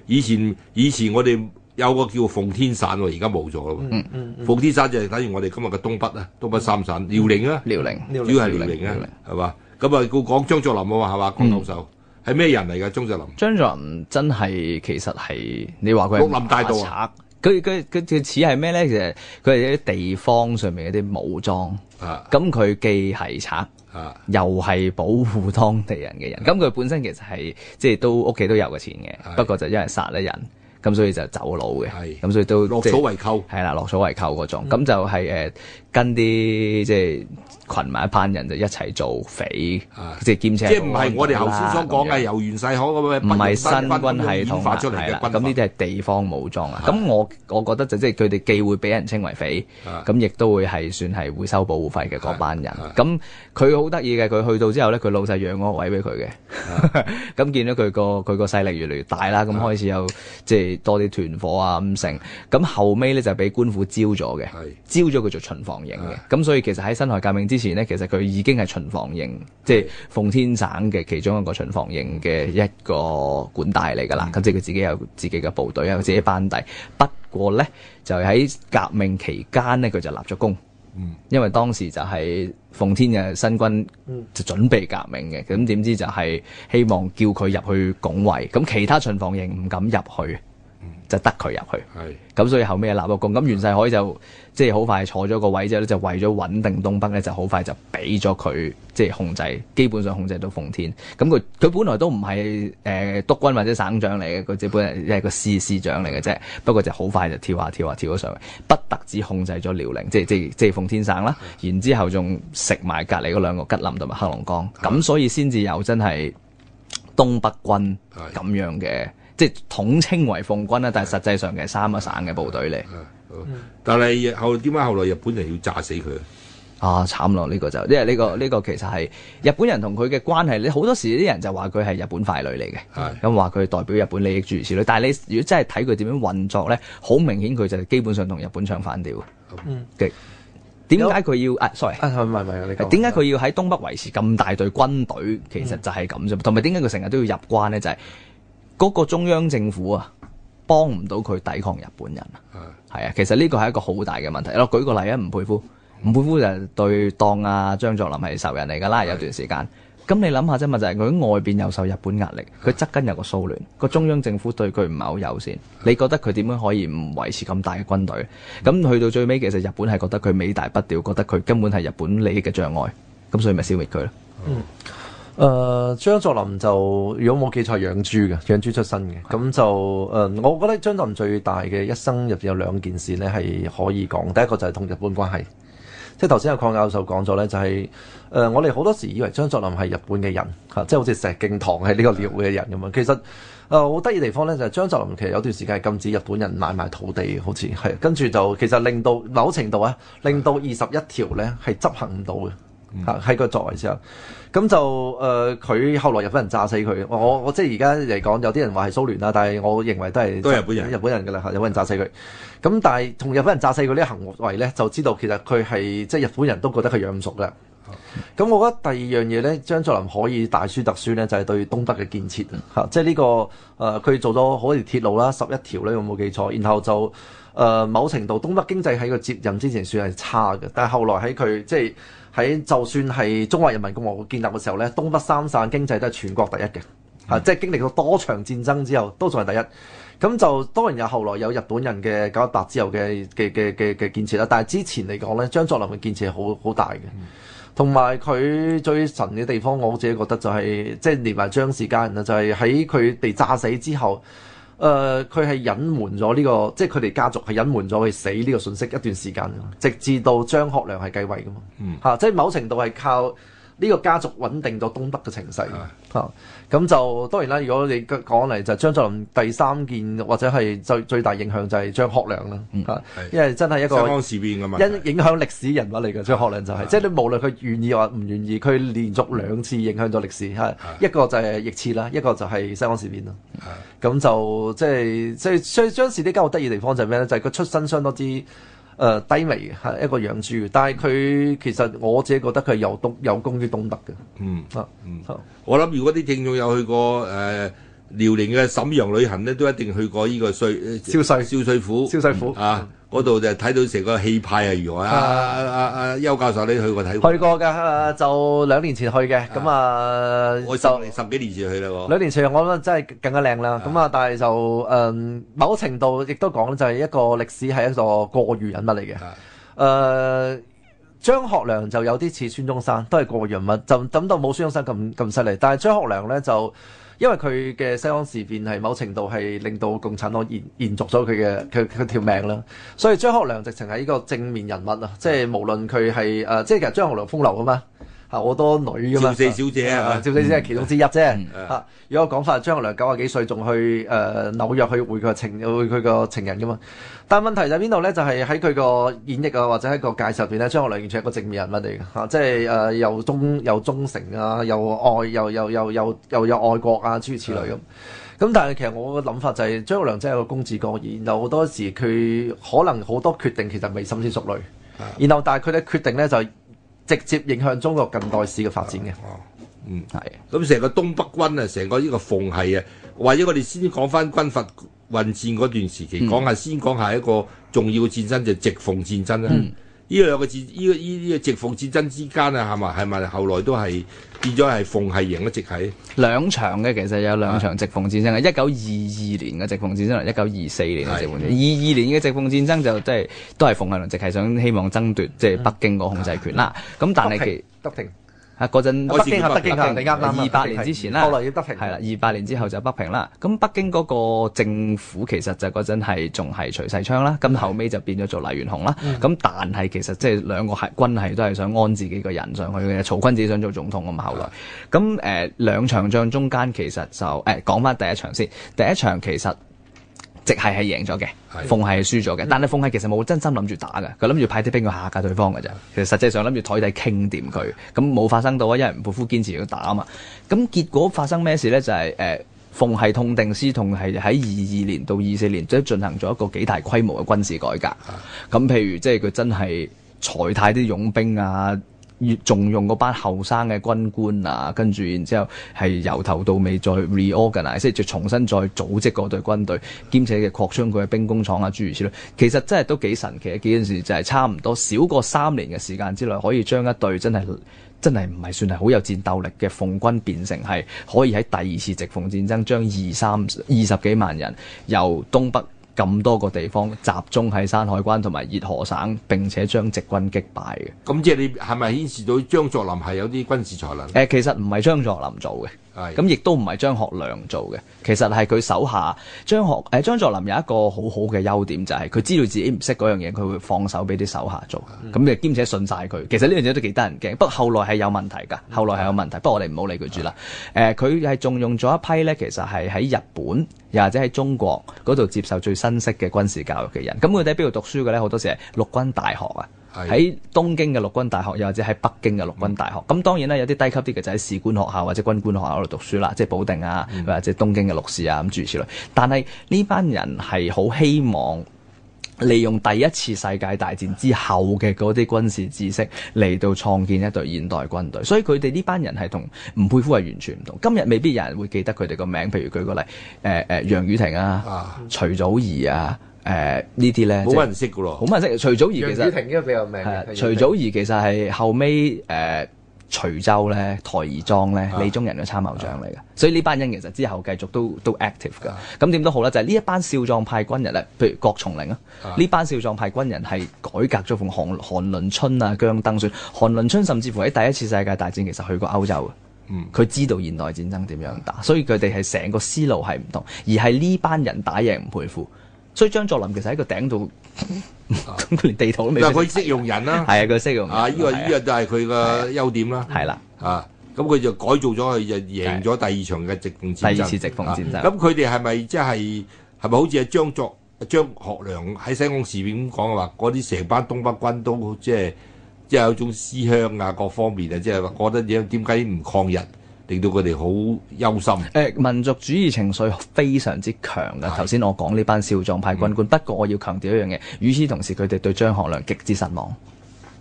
以前以前我哋。有個叫奉天省喎，而家冇咗咯。嗯，奉天省就係等於我哋今日嘅東北啊，東北三省、遼寧啊。遼寧陵，主要係遼寧啊，係嘛陵？咁啊，講張作霖啊嘛，係嘛？講老手係咩人嚟嘅張作霖？張作霖真係其實係你話佢係綠林大盜。佢佢佢似係咩咧？其實佢係一啲地方上面一啲武裝。啊。咁佢既係賊，啊，又係保護當地人嘅人。咁佢本身其實係即係都屋企都有個錢嘅，不過就因為殺咗人。咁所以就走佬嘅，咁係所以都落草為寇，係啦，落草為寇嗰種，咁、嗯、就係、是、誒。Uh, 跟啲即係群埋一班人就一齊做匪，即係兼且即係唔係我哋頭先所講嘅由袁世凱唔係新軍係演化出嚟嘅軍。咁呢啲係地方武裝啊。咁我我覺得就即係佢哋既會俾人稱為匪，咁亦都會係算係會收保護費嘅班人。咁佢好得意嘅，佢去到之後咧，佢老細養個位俾佢嘅。咁見到佢個佢個勢力越嚟越大啦，咁開始有即係多啲團伙啊、五成。咁後尾咧就俾官府招咗嘅，招咗佢做巡防。咁、嗯、所以其實喺辛亥革命之前呢，其實佢已經係巡防營，即係奉天省嘅其中一個巡防營嘅一個管帶嚟㗎啦。咁、嗯、即係佢自己有自己嘅部隊，有自己班底。不過呢，就喺革命期間呢，佢就立咗功。嗯，因為當時就係奉天嘅新軍就準備革命嘅，咁點知就係希望叫佢入去拱衛，咁其他巡防營唔敢入去。就得佢入去，咁的所以後尾立咗功。咁袁世凱就即係好快坐咗個位之後咧，就為咗穩定東北咧，就好快就俾咗佢即係控制，基本上控制到奉天。咁佢佢本來都唔係誒督軍或者省長嚟嘅，佢只本係一個師師長嚟嘅啫。不過就好快就跳下跳下跳咗上去，不得止控制咗遼寧，即係即係即係奉天省啦。然之後仲食埋隔離嗰兩個吉林同埋黑龍江。咁的所以先至有真係東北軍咁樣嘅的。即係統稱為奉軍啦，但係實際上係三個省嘅部隊嚟。嗯、啊，但係後，點解後來日本人要炸死佢啊？啊，慘咯！呢個就因為呢個呢、這個其實係日本人同佢嘅關係，你好多時啲人就話佢係日本傀儡嚟嘅，咁話佢代表日本利益諸如此類。但係你如果真係睇佢點樣運作咧，好明顯佢就基本上同日本唱反調。嘅點解佢要？啊果，sorry，啊，唔係唔係，你點解佢要喺東北維持咁大隊軍隊？其實就係咁啫。同埋點解佢成日都要入關咧？就係、是。嗰個中央政府啊，幫唔到佢抵抗日本人啊，係啊的，其實呢個係一個好大嘅問題咯。舉個例啊，吳佩孚，吳佩孚就對當啊張作霖係仇人嚟㗎啦，的有段時間。咁、嗯嗯、你諗下啫嘛，就係、是、佢外邊又受日本壓力，佢側根有個蘇聯，個的中央政府對佢唔係好友善。的你覺得佢點樣可以唔維持咁大嘅軍隊？咁去的的到最尾，其實日本係覺得佢尾大不掉，覺得佢根本係日本利益嘅障礙，咁所以咪消滅佢咯。嗯。嗯嗯。誒、uh, 張作霖就如果冇記錯係養豬嘅，養豬出身嘅。咁的就誒，uh, 我覺得張作霖最大嘅一生入邊有兩件事呢係可以講。第一個就係同日本關係，即係頭先阿鄺教授講咗呢，就係、是、誒、uh, 我哋好多時以為張作霖係日本嘅人嚇、啊，即係好似石敬瑭係呢個料嘅人咁樣。的其實誒好得意地方呢，就係、是、張作霖其實有段時間係禁止日本人買賣土地，好似係跟住就其實令到某程度啊，令到二十一條呢係執行唔到嘅。吓喺個座位之後，咁、嗯、就誒佢、呃、後來日本人炸死佢，我我即係而家嚟講，有啲人話係蘇聯啦，但係我認為都係都係日本日本人噶啦，日本人炸死佢。咁但係同日本人炸死佢啲行為咧，就知道其實佢係即係日本人都覺得佢養唔熟嘅。咁、嗯、我覺得第二樣嘢咧，張作霖可以大書特書咧，就係、是、對東北嘅建設吓、啊，即係、這、呢個誒佢、呃、做咗好多條鐵路啦，十一條咧，我冇記錯，然後就誒、呃、某程度東北經濟喺個接任之前算係差嘅，但係後來喺佢即係。喺就算係中華人民共和國建立嘅時候呢，東北三省經濟都係全國第一嘅，嚇、嗯啊，即係經歷咗多場戰爭之後，都仲係第一。咁就當然有後來有日本人嘅九一八之後嘅嘅嘅嘅建設啦。但係之前嚟講呢，張作霖嘅建設係好好大嘅，同埋佢最神嘅地方，我自己覺得就係、是、即係連埋張氏家人啊，就係喺佢被炸死之後。誒，佢係隱瞞咗呢個，即係佢哋家族係隱瞞咗佢死呢個信息一段時間噶嘛，直至到張學良係繼位噶嘛，嚇、嗯，即係某程度係靠。呢個家族穩定到東北嘅情勢嚇，咁、啊啊、就當然啦。如果你講嚟就係、張作霖第三件或者係最最大影響就係張學良啦嚇，嗯、是因為真係一個西安事變噶嘛，因影響歷史人物嚟嘅、嗯、張學良就係、是，即係是你無論佢願意或唔願意，佢連續兩次影響咗歷史嚇是，一個就係易幟啦，一個就係西安事變咯。咁是、啊、就即係即係，所以，所以張氏呢家好得意地方就係咩咧？就係、是、佢出身相當之。誒、呃、低微嘅係一個養豬，但係佢其實我自己覺得佢係有東有功於東北嘅。嗯啊，嗯啊，我諗如果啲聽眾有去過誒。呃遼寧嘅瀋陽旅行咧，都一定去過呢個稅少帥少帥府，少帥府啊，嗰度就睇到成個氣派係如何啊！啊啊邱教授，你去過睇過？去過噶，就兩年前去嘅，咁啊，我十十幾年前去啦，兩年前我覺得真係更加靚啦。咁啊，但係就誒，某程度亦都講就係一個歷史係一個過譽人物嚟嘅。誒，張學良就有啲似孫中山，都係過譽人物，就等到冇孫中山咁咁犀利，但係張學良咧就。因為佢嘅西安事變係某程度係令到共產黨延延續咗佢嘅佢佢條命啦，所以張學良直情係呢個正面人物啊！即係無論佢係誒，即係其實張學良風流噶、啊、嘛，係好多女噶嘛。趙四小姐啊，趙四小姐係其中之一啫嚇。如果我講返，張學良九廿幾歲仲去誒紐、呃、約去會佢情會佢個情人噶嘛。但問題就喺邊度咧？就係喺佢個演繹個啊，或者喺個介紹入邊咧，張學良完全係一個正面人物嚟嘅嚇，即係誒又忠又忠誠啊，又愛又又又又又有愛國啊諸如此類咁。咁的但係其實我嘅諗法就係張學良真係一個公子哥，然後好多時佢可能好多決定其實未深思熟慮，的然後但係佢嘅決定咧就直接影響中國近代史嘅發展嘅。的的嗯係。咁成個東北軍啊，成個呢個奉系啊，或者我哋先講翻軍閥。運戰嗰段時期，講下先，講下一個重要嘅戰爭就是、直奉戰爭啦。呢兩、嗯、個字，呢呢個直奉戰爭之間啊，係咪係咪後來都變係變咗係奉系贏咗直系？兩場嘅其實有兩場直奉戰爭，係一九二二年嘅直奉戰爭同一九二四年嘅直奉戰爭。二二的年嘅直奉戰爭就即、就是、係都係奉系同直系想希望爭奪即係北京個控制權啦。咁但係其平啊！嗰陣北京北京二百年之前啦，後來要北平。係啦，二百年之後就北平啦。咁北京嗰個政府其實就嗰陣係仲係徐世昌啦，咁後尾就變咗做黎元洪啦。咁的但係其實即係兩個係軍係都係想安自己個人上去嘅，曹錕自己想做總統咁後來。咁誒的、呃、兩場仗中間其實就誒講翻第一場先，第一場，第一場其實。即係係贏咗嘅，奉系的輸咗嘅。但係奉系其實冇真心諗住打嘅，佢諗住派啲兵去嚇下對方㗎啫。其實實際上諗住台底傾掂佢，咁冇發生到啊，因為吳佩孚堅持要打啊嘛。咁結果發生咩事咧？就係、是、誒，奉、呃、系痛定思痛，係喺二二年到二四年即係進行咗一個幾大規模嘅軍事改革。咁的譬如即係佢真係裁汰啲傭兵啊。越重用嗰班後生嘅軍官啊，跟住然之後係由頭到尾再 reorganize，即係重新再組織嗰隊軍隊，兼且嘅擴充佢嘅兵工廠啊諸如此類，其實真係都幾神奇嘅幾件事，就係差唔多少過三年嘅時間之內可以將一隊真係真係唔係算係好有戰鬥力嘅奉軍變成係可以喺第二次直奉戰爭將二三二十幾萬人由東北。咁多個地方集中喺山海關同埋熱河省，並且將直軍擊敗嘅。咁即係你係咪顯示到張作霖係有啲軍事才能？誒，其實唔係張作霖做嘅。咁亦都唔係張學良做嘅，其實係佢手下張學誒張作霖有一個好好嘅優點，就係、是、佢知道自己唔識嗰樣嘢，佢會放手俾啲手下做，咁你兼且信晒佢。其實呢樣嘢都幾得人驚，不過後來係有問題㗎，後來係有問題。不過我哋唔好理佢住啦。誒、嗯，佢係、呃、重用咗一批咧，其實係喺日本又或者喺中國嗰度接受最新式嘅軍事教育嘅人。咁佢哋喺邊度讀書嘅咧？好多時係陸軍大學啊。喺東京嘅陸軍大學，又或者喺北京嘅陸軍大學。咁、嗯、當然啦，有啲低級啲嘅就喺士官學校或者軍官學校度讀書啦，即係保定啊，嗯、或者東京嘅陸士啊，咁諸如此類。但係呢班人係好希望利用第一次世界大戰之後嘅嗰啲軍事知識嚟到創建一隊現代軍隊。所以佢哋呢班人係同吳佩孚係完全唔同。今日未必有人會記得佢哋個名，譬如舉個例，誒、呃、誒、呃、楊宇霆啊，啊徐祖詒啊。誒、呃、呢啲咧，好冇人識噶咯，好冇人識。徐祖兒，其實楊子婷應該比較，徐祖兒其實係後尾誒、呃、徐州咧台兒莊咧李宗仁嘅參謀長嚟嘅，啊、所以呢班人其實之後繼續都都 active 噶。咁點都好啦，就係、是、呢一班少壯派軍人咧，譬如郭松齡啊，呢、啊、班少壯派軍人係改革咗，奉韓韓倫春啊、姜登選、韓倫春甚至乎喺第一次世界大戰其實去過歐洲啊，佢、嗯、知道現代戰爭點樣打，啊啊、所以佢哋係成個思路係唔同，而係呢班人打贏唔佩服。所以張作霖其實喺個頂度，佢連地圖都未、啊。但佢識用人啦，係啊，佢識用啊，依個依個就係佢個優點啦。係啦，啊，咁佢、啊啊啊、就改造咗佢就贏咗第二場嘅直奉戰、啊、第二次直奉戰爭。咁佢哋係咪即係係咪好似啊張作張學良喺《西安事變》咁講話，嗰啲成班東北軍都即係即係有種思鄉啊各方面啊，即、就、係、是、覺得點點解唔抗日？令到佢哋好憂心。誒、呃，民族主義情緒非常之強嘅。頭先的我講呢班少壯派軍官，嗯、不過我要強調一樣嘢。與此同時，佢哋對張學良極之失望。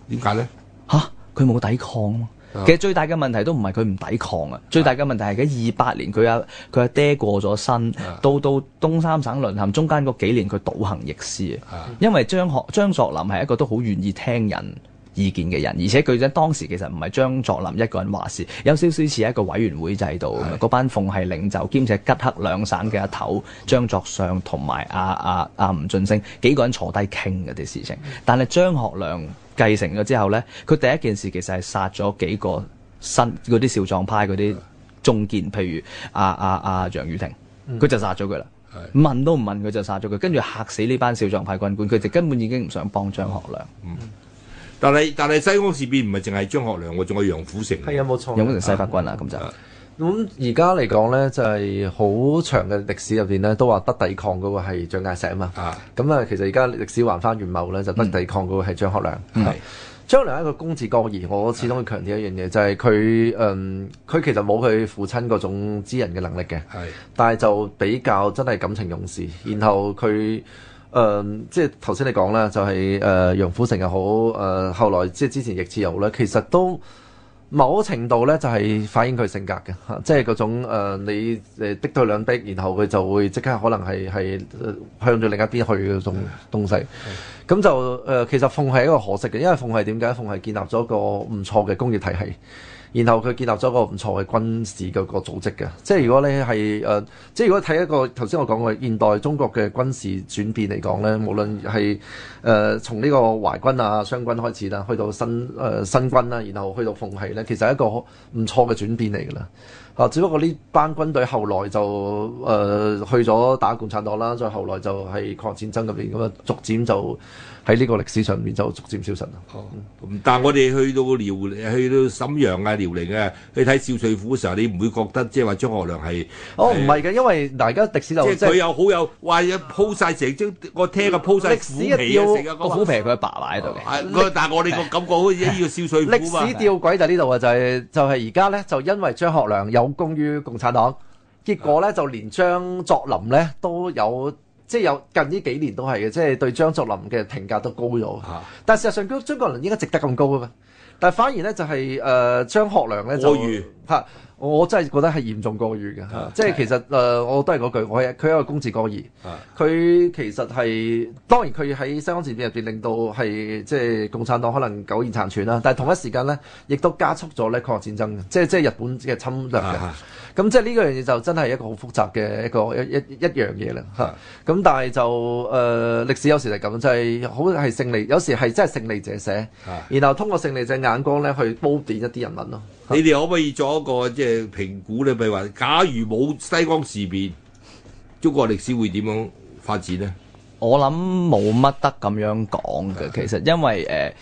點解呢？吓、啊？佢冇抵抗、啊、的其實最大嘅問題都唔係佢唔抵抗啊，的最大嘅問題係喺二八年佢阿佢阿爹過咗身，到的到東三省淪陷中間嗰幾年，佢倒行逆施啊！的的因為張學張作霖係一個都好願意聽人意見嘅人，而且據講當時其實唔係張作霖一個人話事，有少少似一個委員會制度。嗰的班奉系領袖兼且吉黑兩省嘅一頭的張作相同埋阿阿阿吳俊升幾個人坐低傾嗰啲事情。的但係張學良繼承咗之後呢，佢第一件事其實係殺咗幾個新嗰啲少壯派嗰啲中建，譬如阿阿阿楊宇霆，佢、嗯、就殺咗佢啦，的問都唔問佢就殺咗佢，跟住嚇死呢班少壯派軍官，佢哋根本已經唔想幫張學良。嗯但係但係，西安事變唔係淨係張學良，我仲有楊虎城。係啊，冇錯，楊虎城西法軍啊，咁就咁而家嚟講咧，就係、是、好長嘅歷史入邊咧，都話得抵抗嗰個係蔣介石啊嘛。啊，咁啊、嗯，其實而家歷史還翻原貌咧，就得抵抗嗰個係張學良。係張學良一個公子哥兒，我始終要強調一樣嘢，就係、是、佢嗯，佢其實冇佢父親嗰種知人嘅能力嘅。係是，但係就比較真係感情用事，然後佢。的誒、嗯，即係頭先你講啦，就係誒楊虎城又好，誒、呃、後來即係之前易幟又咧，其實都某程度咧就係反映佢性格嘅，即係嗰種誒、呃、你誒逼到佢兩逼，然後佢就會即刻可能係係向咗另一邊去嗰種東西。咁 就誒、呃、其實奉系一個可惜嘅，因為奉系點解？奉系建立咗個唔錯嘅工業體系。然後佢建立咗個唔錯嘅軍事嘅個組織嘅，即係如果你係誒、呃，即係如果睇一個頭先我講嘅現代中國嘅軍事轉變嚟講呢，無論係誒從呢個淮軍啊、湘軍開始啦，去到新誒、呃、新軍啦、啊，然後去到奉系呢，其實係一個唔錯嘅轉變嚟㗎啦。啊，只不過呢班軍隊後來就誒、呃、去咗打共產黨啦，再後來就係抗戰爭入邊咁啊，逐漸就，喺呢個歷史上面就逐漸消失啦。哦，但係我哋去到遼，去到瀋陽啊、遼寧啊，去睇少帥府嘅時候，你唔會覺得即係話張學良係。哦，唔係嘅，因為而家歷史就即係佢有好有話，要鋪曬成張個廳嘅鋪曬虎皮，個虎皮係佢擺埋喺度嘅。係，但係我哋個感覺好似要少帥府。歷史吊詭就係呢度啊！就係就係而家咧，就因為張學良有功於共產黨，結果咧，就連張作霖咧都有。即係有近呢幾年都係嘅，即、就、係、是、對張作霖嘅評價都高咗。嚇！但係事實上，張張作霖應該值得咁高啊嘛。但係反而咧就係、是、誒、呃、張學良咧就於、啊、我真係覺得係嚴重過於嘅。嚇！即係其實誒、呃，我都係嗰句，我佢一個公字過譽。佢、啊、其實係當然佢喺西安事變入邊令到係即係共產黨可能苟延殘喘啦，但係同一時間咧亦都加速咗咧抗日戰爭，即係即係日本嘅侵略嘅。啊。咁即係呢個樣嘢就真係一個好複雜嘅一個一一一樣嘢啦嚇。咁是的 但係就誒、呃、歷史有時係、就、咁、是，就係好係勝利，有時係真係勝利者寫，是的 然後通過勝利者眼光咧去褒貶一啲人物咯。你哋可唔可以做一個即係、就是、評估咧？譬如話，假如冇西江事變，中國歷史會點樣發展呢？我諗冇乜得咁樣講嘅，其實因為誒。呃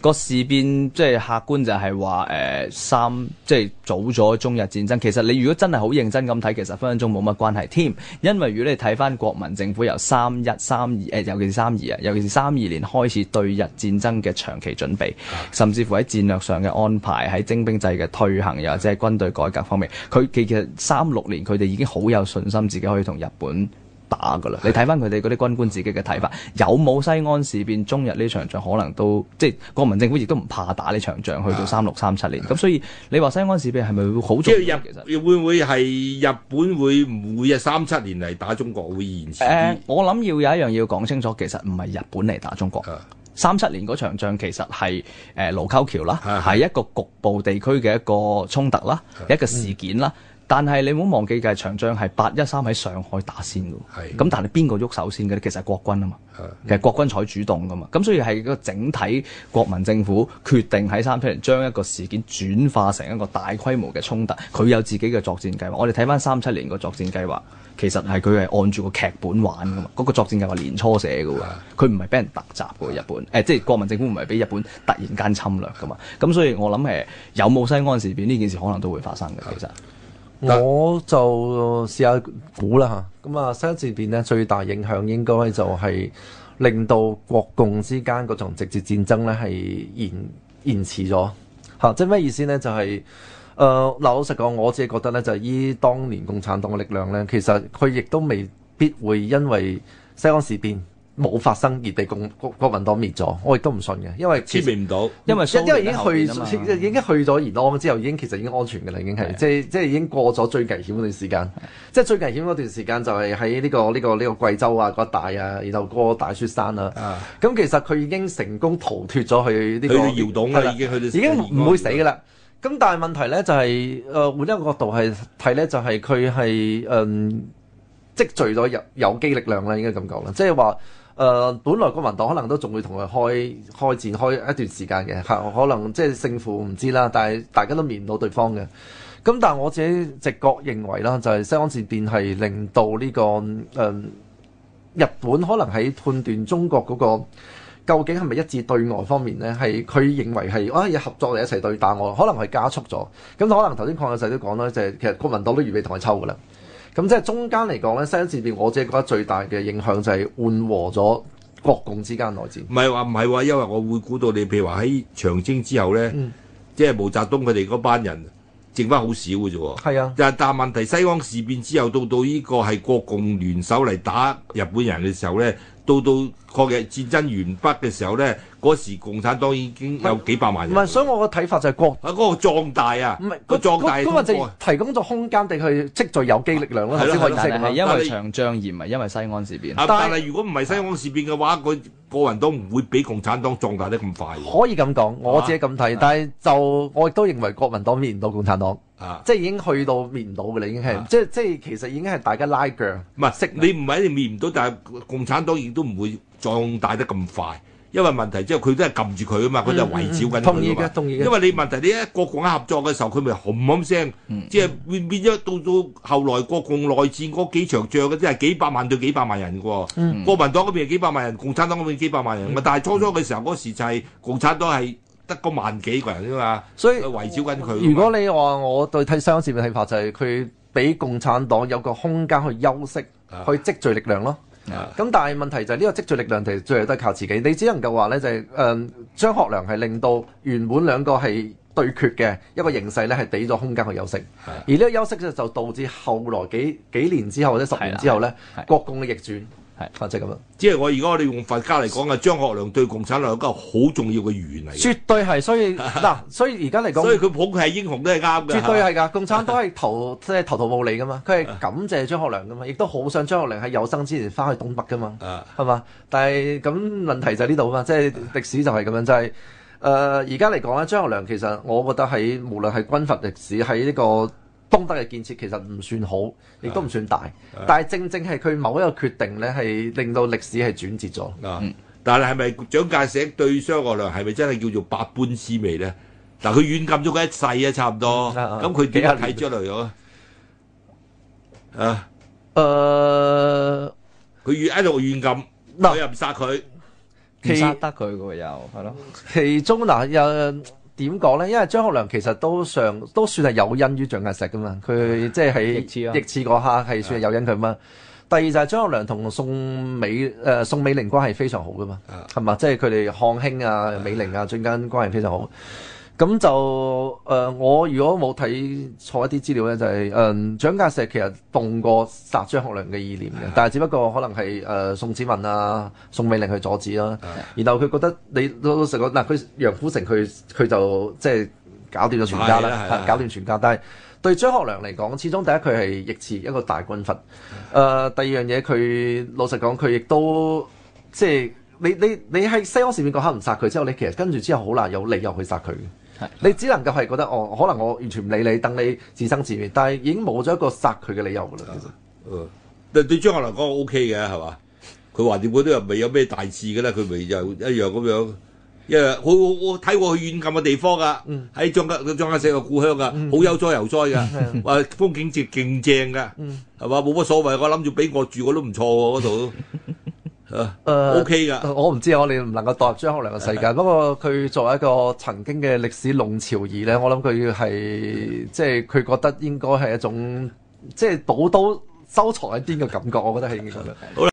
個事變即係客觀就係話誒三即係早咗中日戰爭。其實你如果真係好認真咁睇，其實分分鐘冇乜關係添。因為如果你睇返國民政府由三一、三二誒，尤其是三二啊，尤其是三二年開始對日戰爭嘅長期準備，甚至乎喺戰略上嘅安排、喺徵兵制嘅推行，又或者係軍隊改革方面，佢其實三六年佢哋已經好有信心自己可以同日本打噶啦！的你睇翻佢哋嗰啲軍官自己嘅睇法，的有冇西安事變？中日呢場仗可能都即係國民政府亦都唔怕打呢場仗，去到三六三七年。咁所以你話西安事變係咪會好重要？即係日會唔會係日本會唔會啊？三七年嚟打中國會延遲、呃？我諗要有一樣要講清楚，其實唔係日本嚟打中國。的三七年嗰場仗其實係誒、呃、盧溝橋啦，係的一個局部地區嘅一個衝突啦，的一個事件啦。嗯。但係你唔好忘記嘅係場仗係八一三喺上海打先嘅，咁的但係邊個喐手先嘅咧？其實係國軍啊嘛，的其實國軍才主動噶嘛，咁所以係一個整體國民政府決定喺三七年將一個事件轉化成一個大規模嘅衝突，佢有自己嘅作戰計劃。我哋睇翻三七年個作戰計劃，其實係佢係按住個劇本玩噶嘛。嗰、那個作戰計劃年初寫嘅喎，佢唔係俾人突襲嘅日本，誒即係國民政府唔係俾日本突然間侵略噶嘛。咁所以我諗係有冇西安事變呢件事可能都會發生嘅其實。對 我就試下估啦嚇，咁啊西安事變咧，最大影響應該就係令到國共之間嗰種直接戰爭咧，係延延遲咗嚇、啊，即係咩意思咧？就係、是，誒、呃、嗱，老實講，我自己覺得咧就係、是、依當年共產黨嘅力量咧，其實佢亦都未必會因為西安事變。冇發生熱地共國國民黨滅咗，我亦都唔信嘅，因為接連唔到，因為已經去已經已經去咗延安之後，已經其實已經安全嘅啦，已經係即係即係已經過咗最危險嗰段時間。的即係最危險嗰段時間就係喺呢個呢、呢個呢、呢個呢個貴州啊嗰一帶啊，然後過大雪山啊。咁的其實佢已經成功逃脫咗去呢、呢個窰洞嘅，了已經去了的已經唔會死嘅啦。咁但係問題咧就係誒換一個角度係睇咧，就係佢係誒積聚咗有有機力量啦，應該咁講啦，即係話。就是誒、呃，本來國民黨可能都仲會同佢開開戰開一段時間嘅，嚇可能即係勝負唔知啦，但係大家都面唔到對方嘅。咁但係我自己直覺認為啦，就係、是、西安事變係令到呢、這個誒、呃、日本可能喺判斷中國嗰、那個究竟係咪一致對外方面呢，係佢認為係啊係合作嚟一齊對打我，可能係加速咗。咁可能頭先鄺友仔都講啦，就係、是、其實國民黨都預備同佢抽㗎啦。咁即係中間嚟講咧，西安事變，我只係覺得最大嘅影響就係緩和咗國共之間內戰。唔係話唔係話，因為我會估到你，譬如話喺長征之後咧，嗯、即係毛澤東佢哋嗰班人剩翻好少嘅啫。係啊，但係問題，西安事變之後，到到呢個係國共聯手嚟打日本人嘅時候咧。到到抗日戰爭完畢嘅時候咧，嗰時共產黨已經有幾百萬人。唔係，所以我個睇法就係國啊嗰個壯大啊，是嗰個壯大咁咪就提供咗空間，地去積聚有機力量咯。先、啊、可以升，係因為長江而唔係因為西安事變。但係如果唔係西安事變嘅話，嗰個國民黨唔會俾共產黨壯大得咁快。可以咁講，我自己咁睇，吧但係就我亦都認為國民黨比唔到共產黨。啊！即係已經去到滅唔到㗎啦，已經係即係即係其實已經係大家拉鋸。唔係，識你唔係你滅唔到，但係共產黨亦都唔會壯大得咁快，因為問題即係佢都係撳住佢啊嘛，佢就圍剿緊佢同意嘅，因為你問題，你一國共合作嘅時候，佢咪轟轟聲，即係變咗到到後來國共內戰嗰幾場仗嘅，即係幾百萬對幾百萬人嘅喎。國民黨嗰邊幾百萬人，共產黨嗰邊幾百萬人。但係初初嘅時候嗰時就係共產黨係。得個萬幾個人啫嘛，所以圍繞緊佢。如果你話我對睇香港史嘅睇法就係佢俾共產黨有個空間去休息，是的 去積聚力量咯。咁是的 但係問題就係、是、呢、這個積聚力量，其實最後都係靠自己。你只能夠話呢，就係、是、誒、嗯、張學良係令到原本兩個係對決嘅一個形勢呢係俾咗空間去休息，是的 而呢個休息就導致後來幾幾年之後或者十年之後呢，國共嘅逆轉。係，即係咁咯。即係我而家我哋用佛家嚟講嘅，張學良對共產黨有個好重要嘅緣嚟。絕對係，所以嗱、啊，所以而家嚟講，所以佢捧佢係英雄都係啱噶。絕對係噶，共產黨係投即係 投桃報李噶嘛，佢係感謝張學良噶嘛，亦都好想張學良喺有生之前翻去東北噶嘛。啊，係嘛？但係咁問題就喺呢度嘛，即係歷史就係咁樣，就係誒而家嚟講咧，張、呃、學良其實我覺得喺無論係軍閥歷史，喺呢、這個。東德嘅建設其實唔算好，亦都唔算大，但係正正係佢某一個決定咧，係令到歷史係轉折咗。嗯、但係係咪蔣介石對張學良係咪真係叫做百般滋味咧？嗱，佢軟禁咗佢一世啊，差唔多。咁佢點解睇出嚟咗？啊？誒，佢軟喺度軟禁，佢、啊、又唔殺佢，唔殺、啊、得佢嘅又係咯？有其中嗱、啊、又。有點講咧？因為張學良其實都上都算係有恩於蔣介石噶嘛，佢即係喺逆刺嗰下係算係有恩佢嘛。第二就係張學良同宋美誒、呃、宋美齡關係非常好噶嘛，係嘛、啊？即係佢哋漢卿啊、美齡啊，中間、啊、關係非常好。咁就誒、呃，我如果冇睇錯一啲資料咧，就係誒蔣介石其實動過殺張學良嘅意念嘅，的但係只不過可能係誒、呃、宋子文啊、宋美齡去阻止啦、啊。的然後佢覺得你老實講，嗱佢楊虎城佢佢就即係搞掂咗全家啦，搞掂全家。但係對張學良嚟講，始終第一佢係逆子，一個大軍閥，誒的、呃、第二樣嘢佢老實講，佢亦都即係你你你喺西安事變嗰刻唔殺佢之後，你其實跟住之後好難有理由去殺佢。你只能夠係覺得哦，可能我完全唔理你，等你自生自滅。但係已經冇咗一個殺佢嘅理由啦。其實，啊、嗯，對，對張學良講 O K 嘅係嘛？佢話點講都又未有咩大事嘅啦。佢咪就一樣咁樣，因為我我睇過去遠近嘅地方啊，喺張家張家世嘅故鄉啊，嗯、好悠哉悠哉㗎，話、嗯、風景節勁正㗎，係嘛冇乜所謂。我諗住俾我住我都唔錯喎嗰度。誒、uh, OK 嘅的，我唔知啊，我哋唔能夠代入張學良嘅世界。不過佢作為一個曾經嘅歷史弄潮兒咧，我諗佢係，的即係佢覺得應該係一種，即係倒刀收藏一邊嘅感覺，我覺得係應該嘅。的好啦。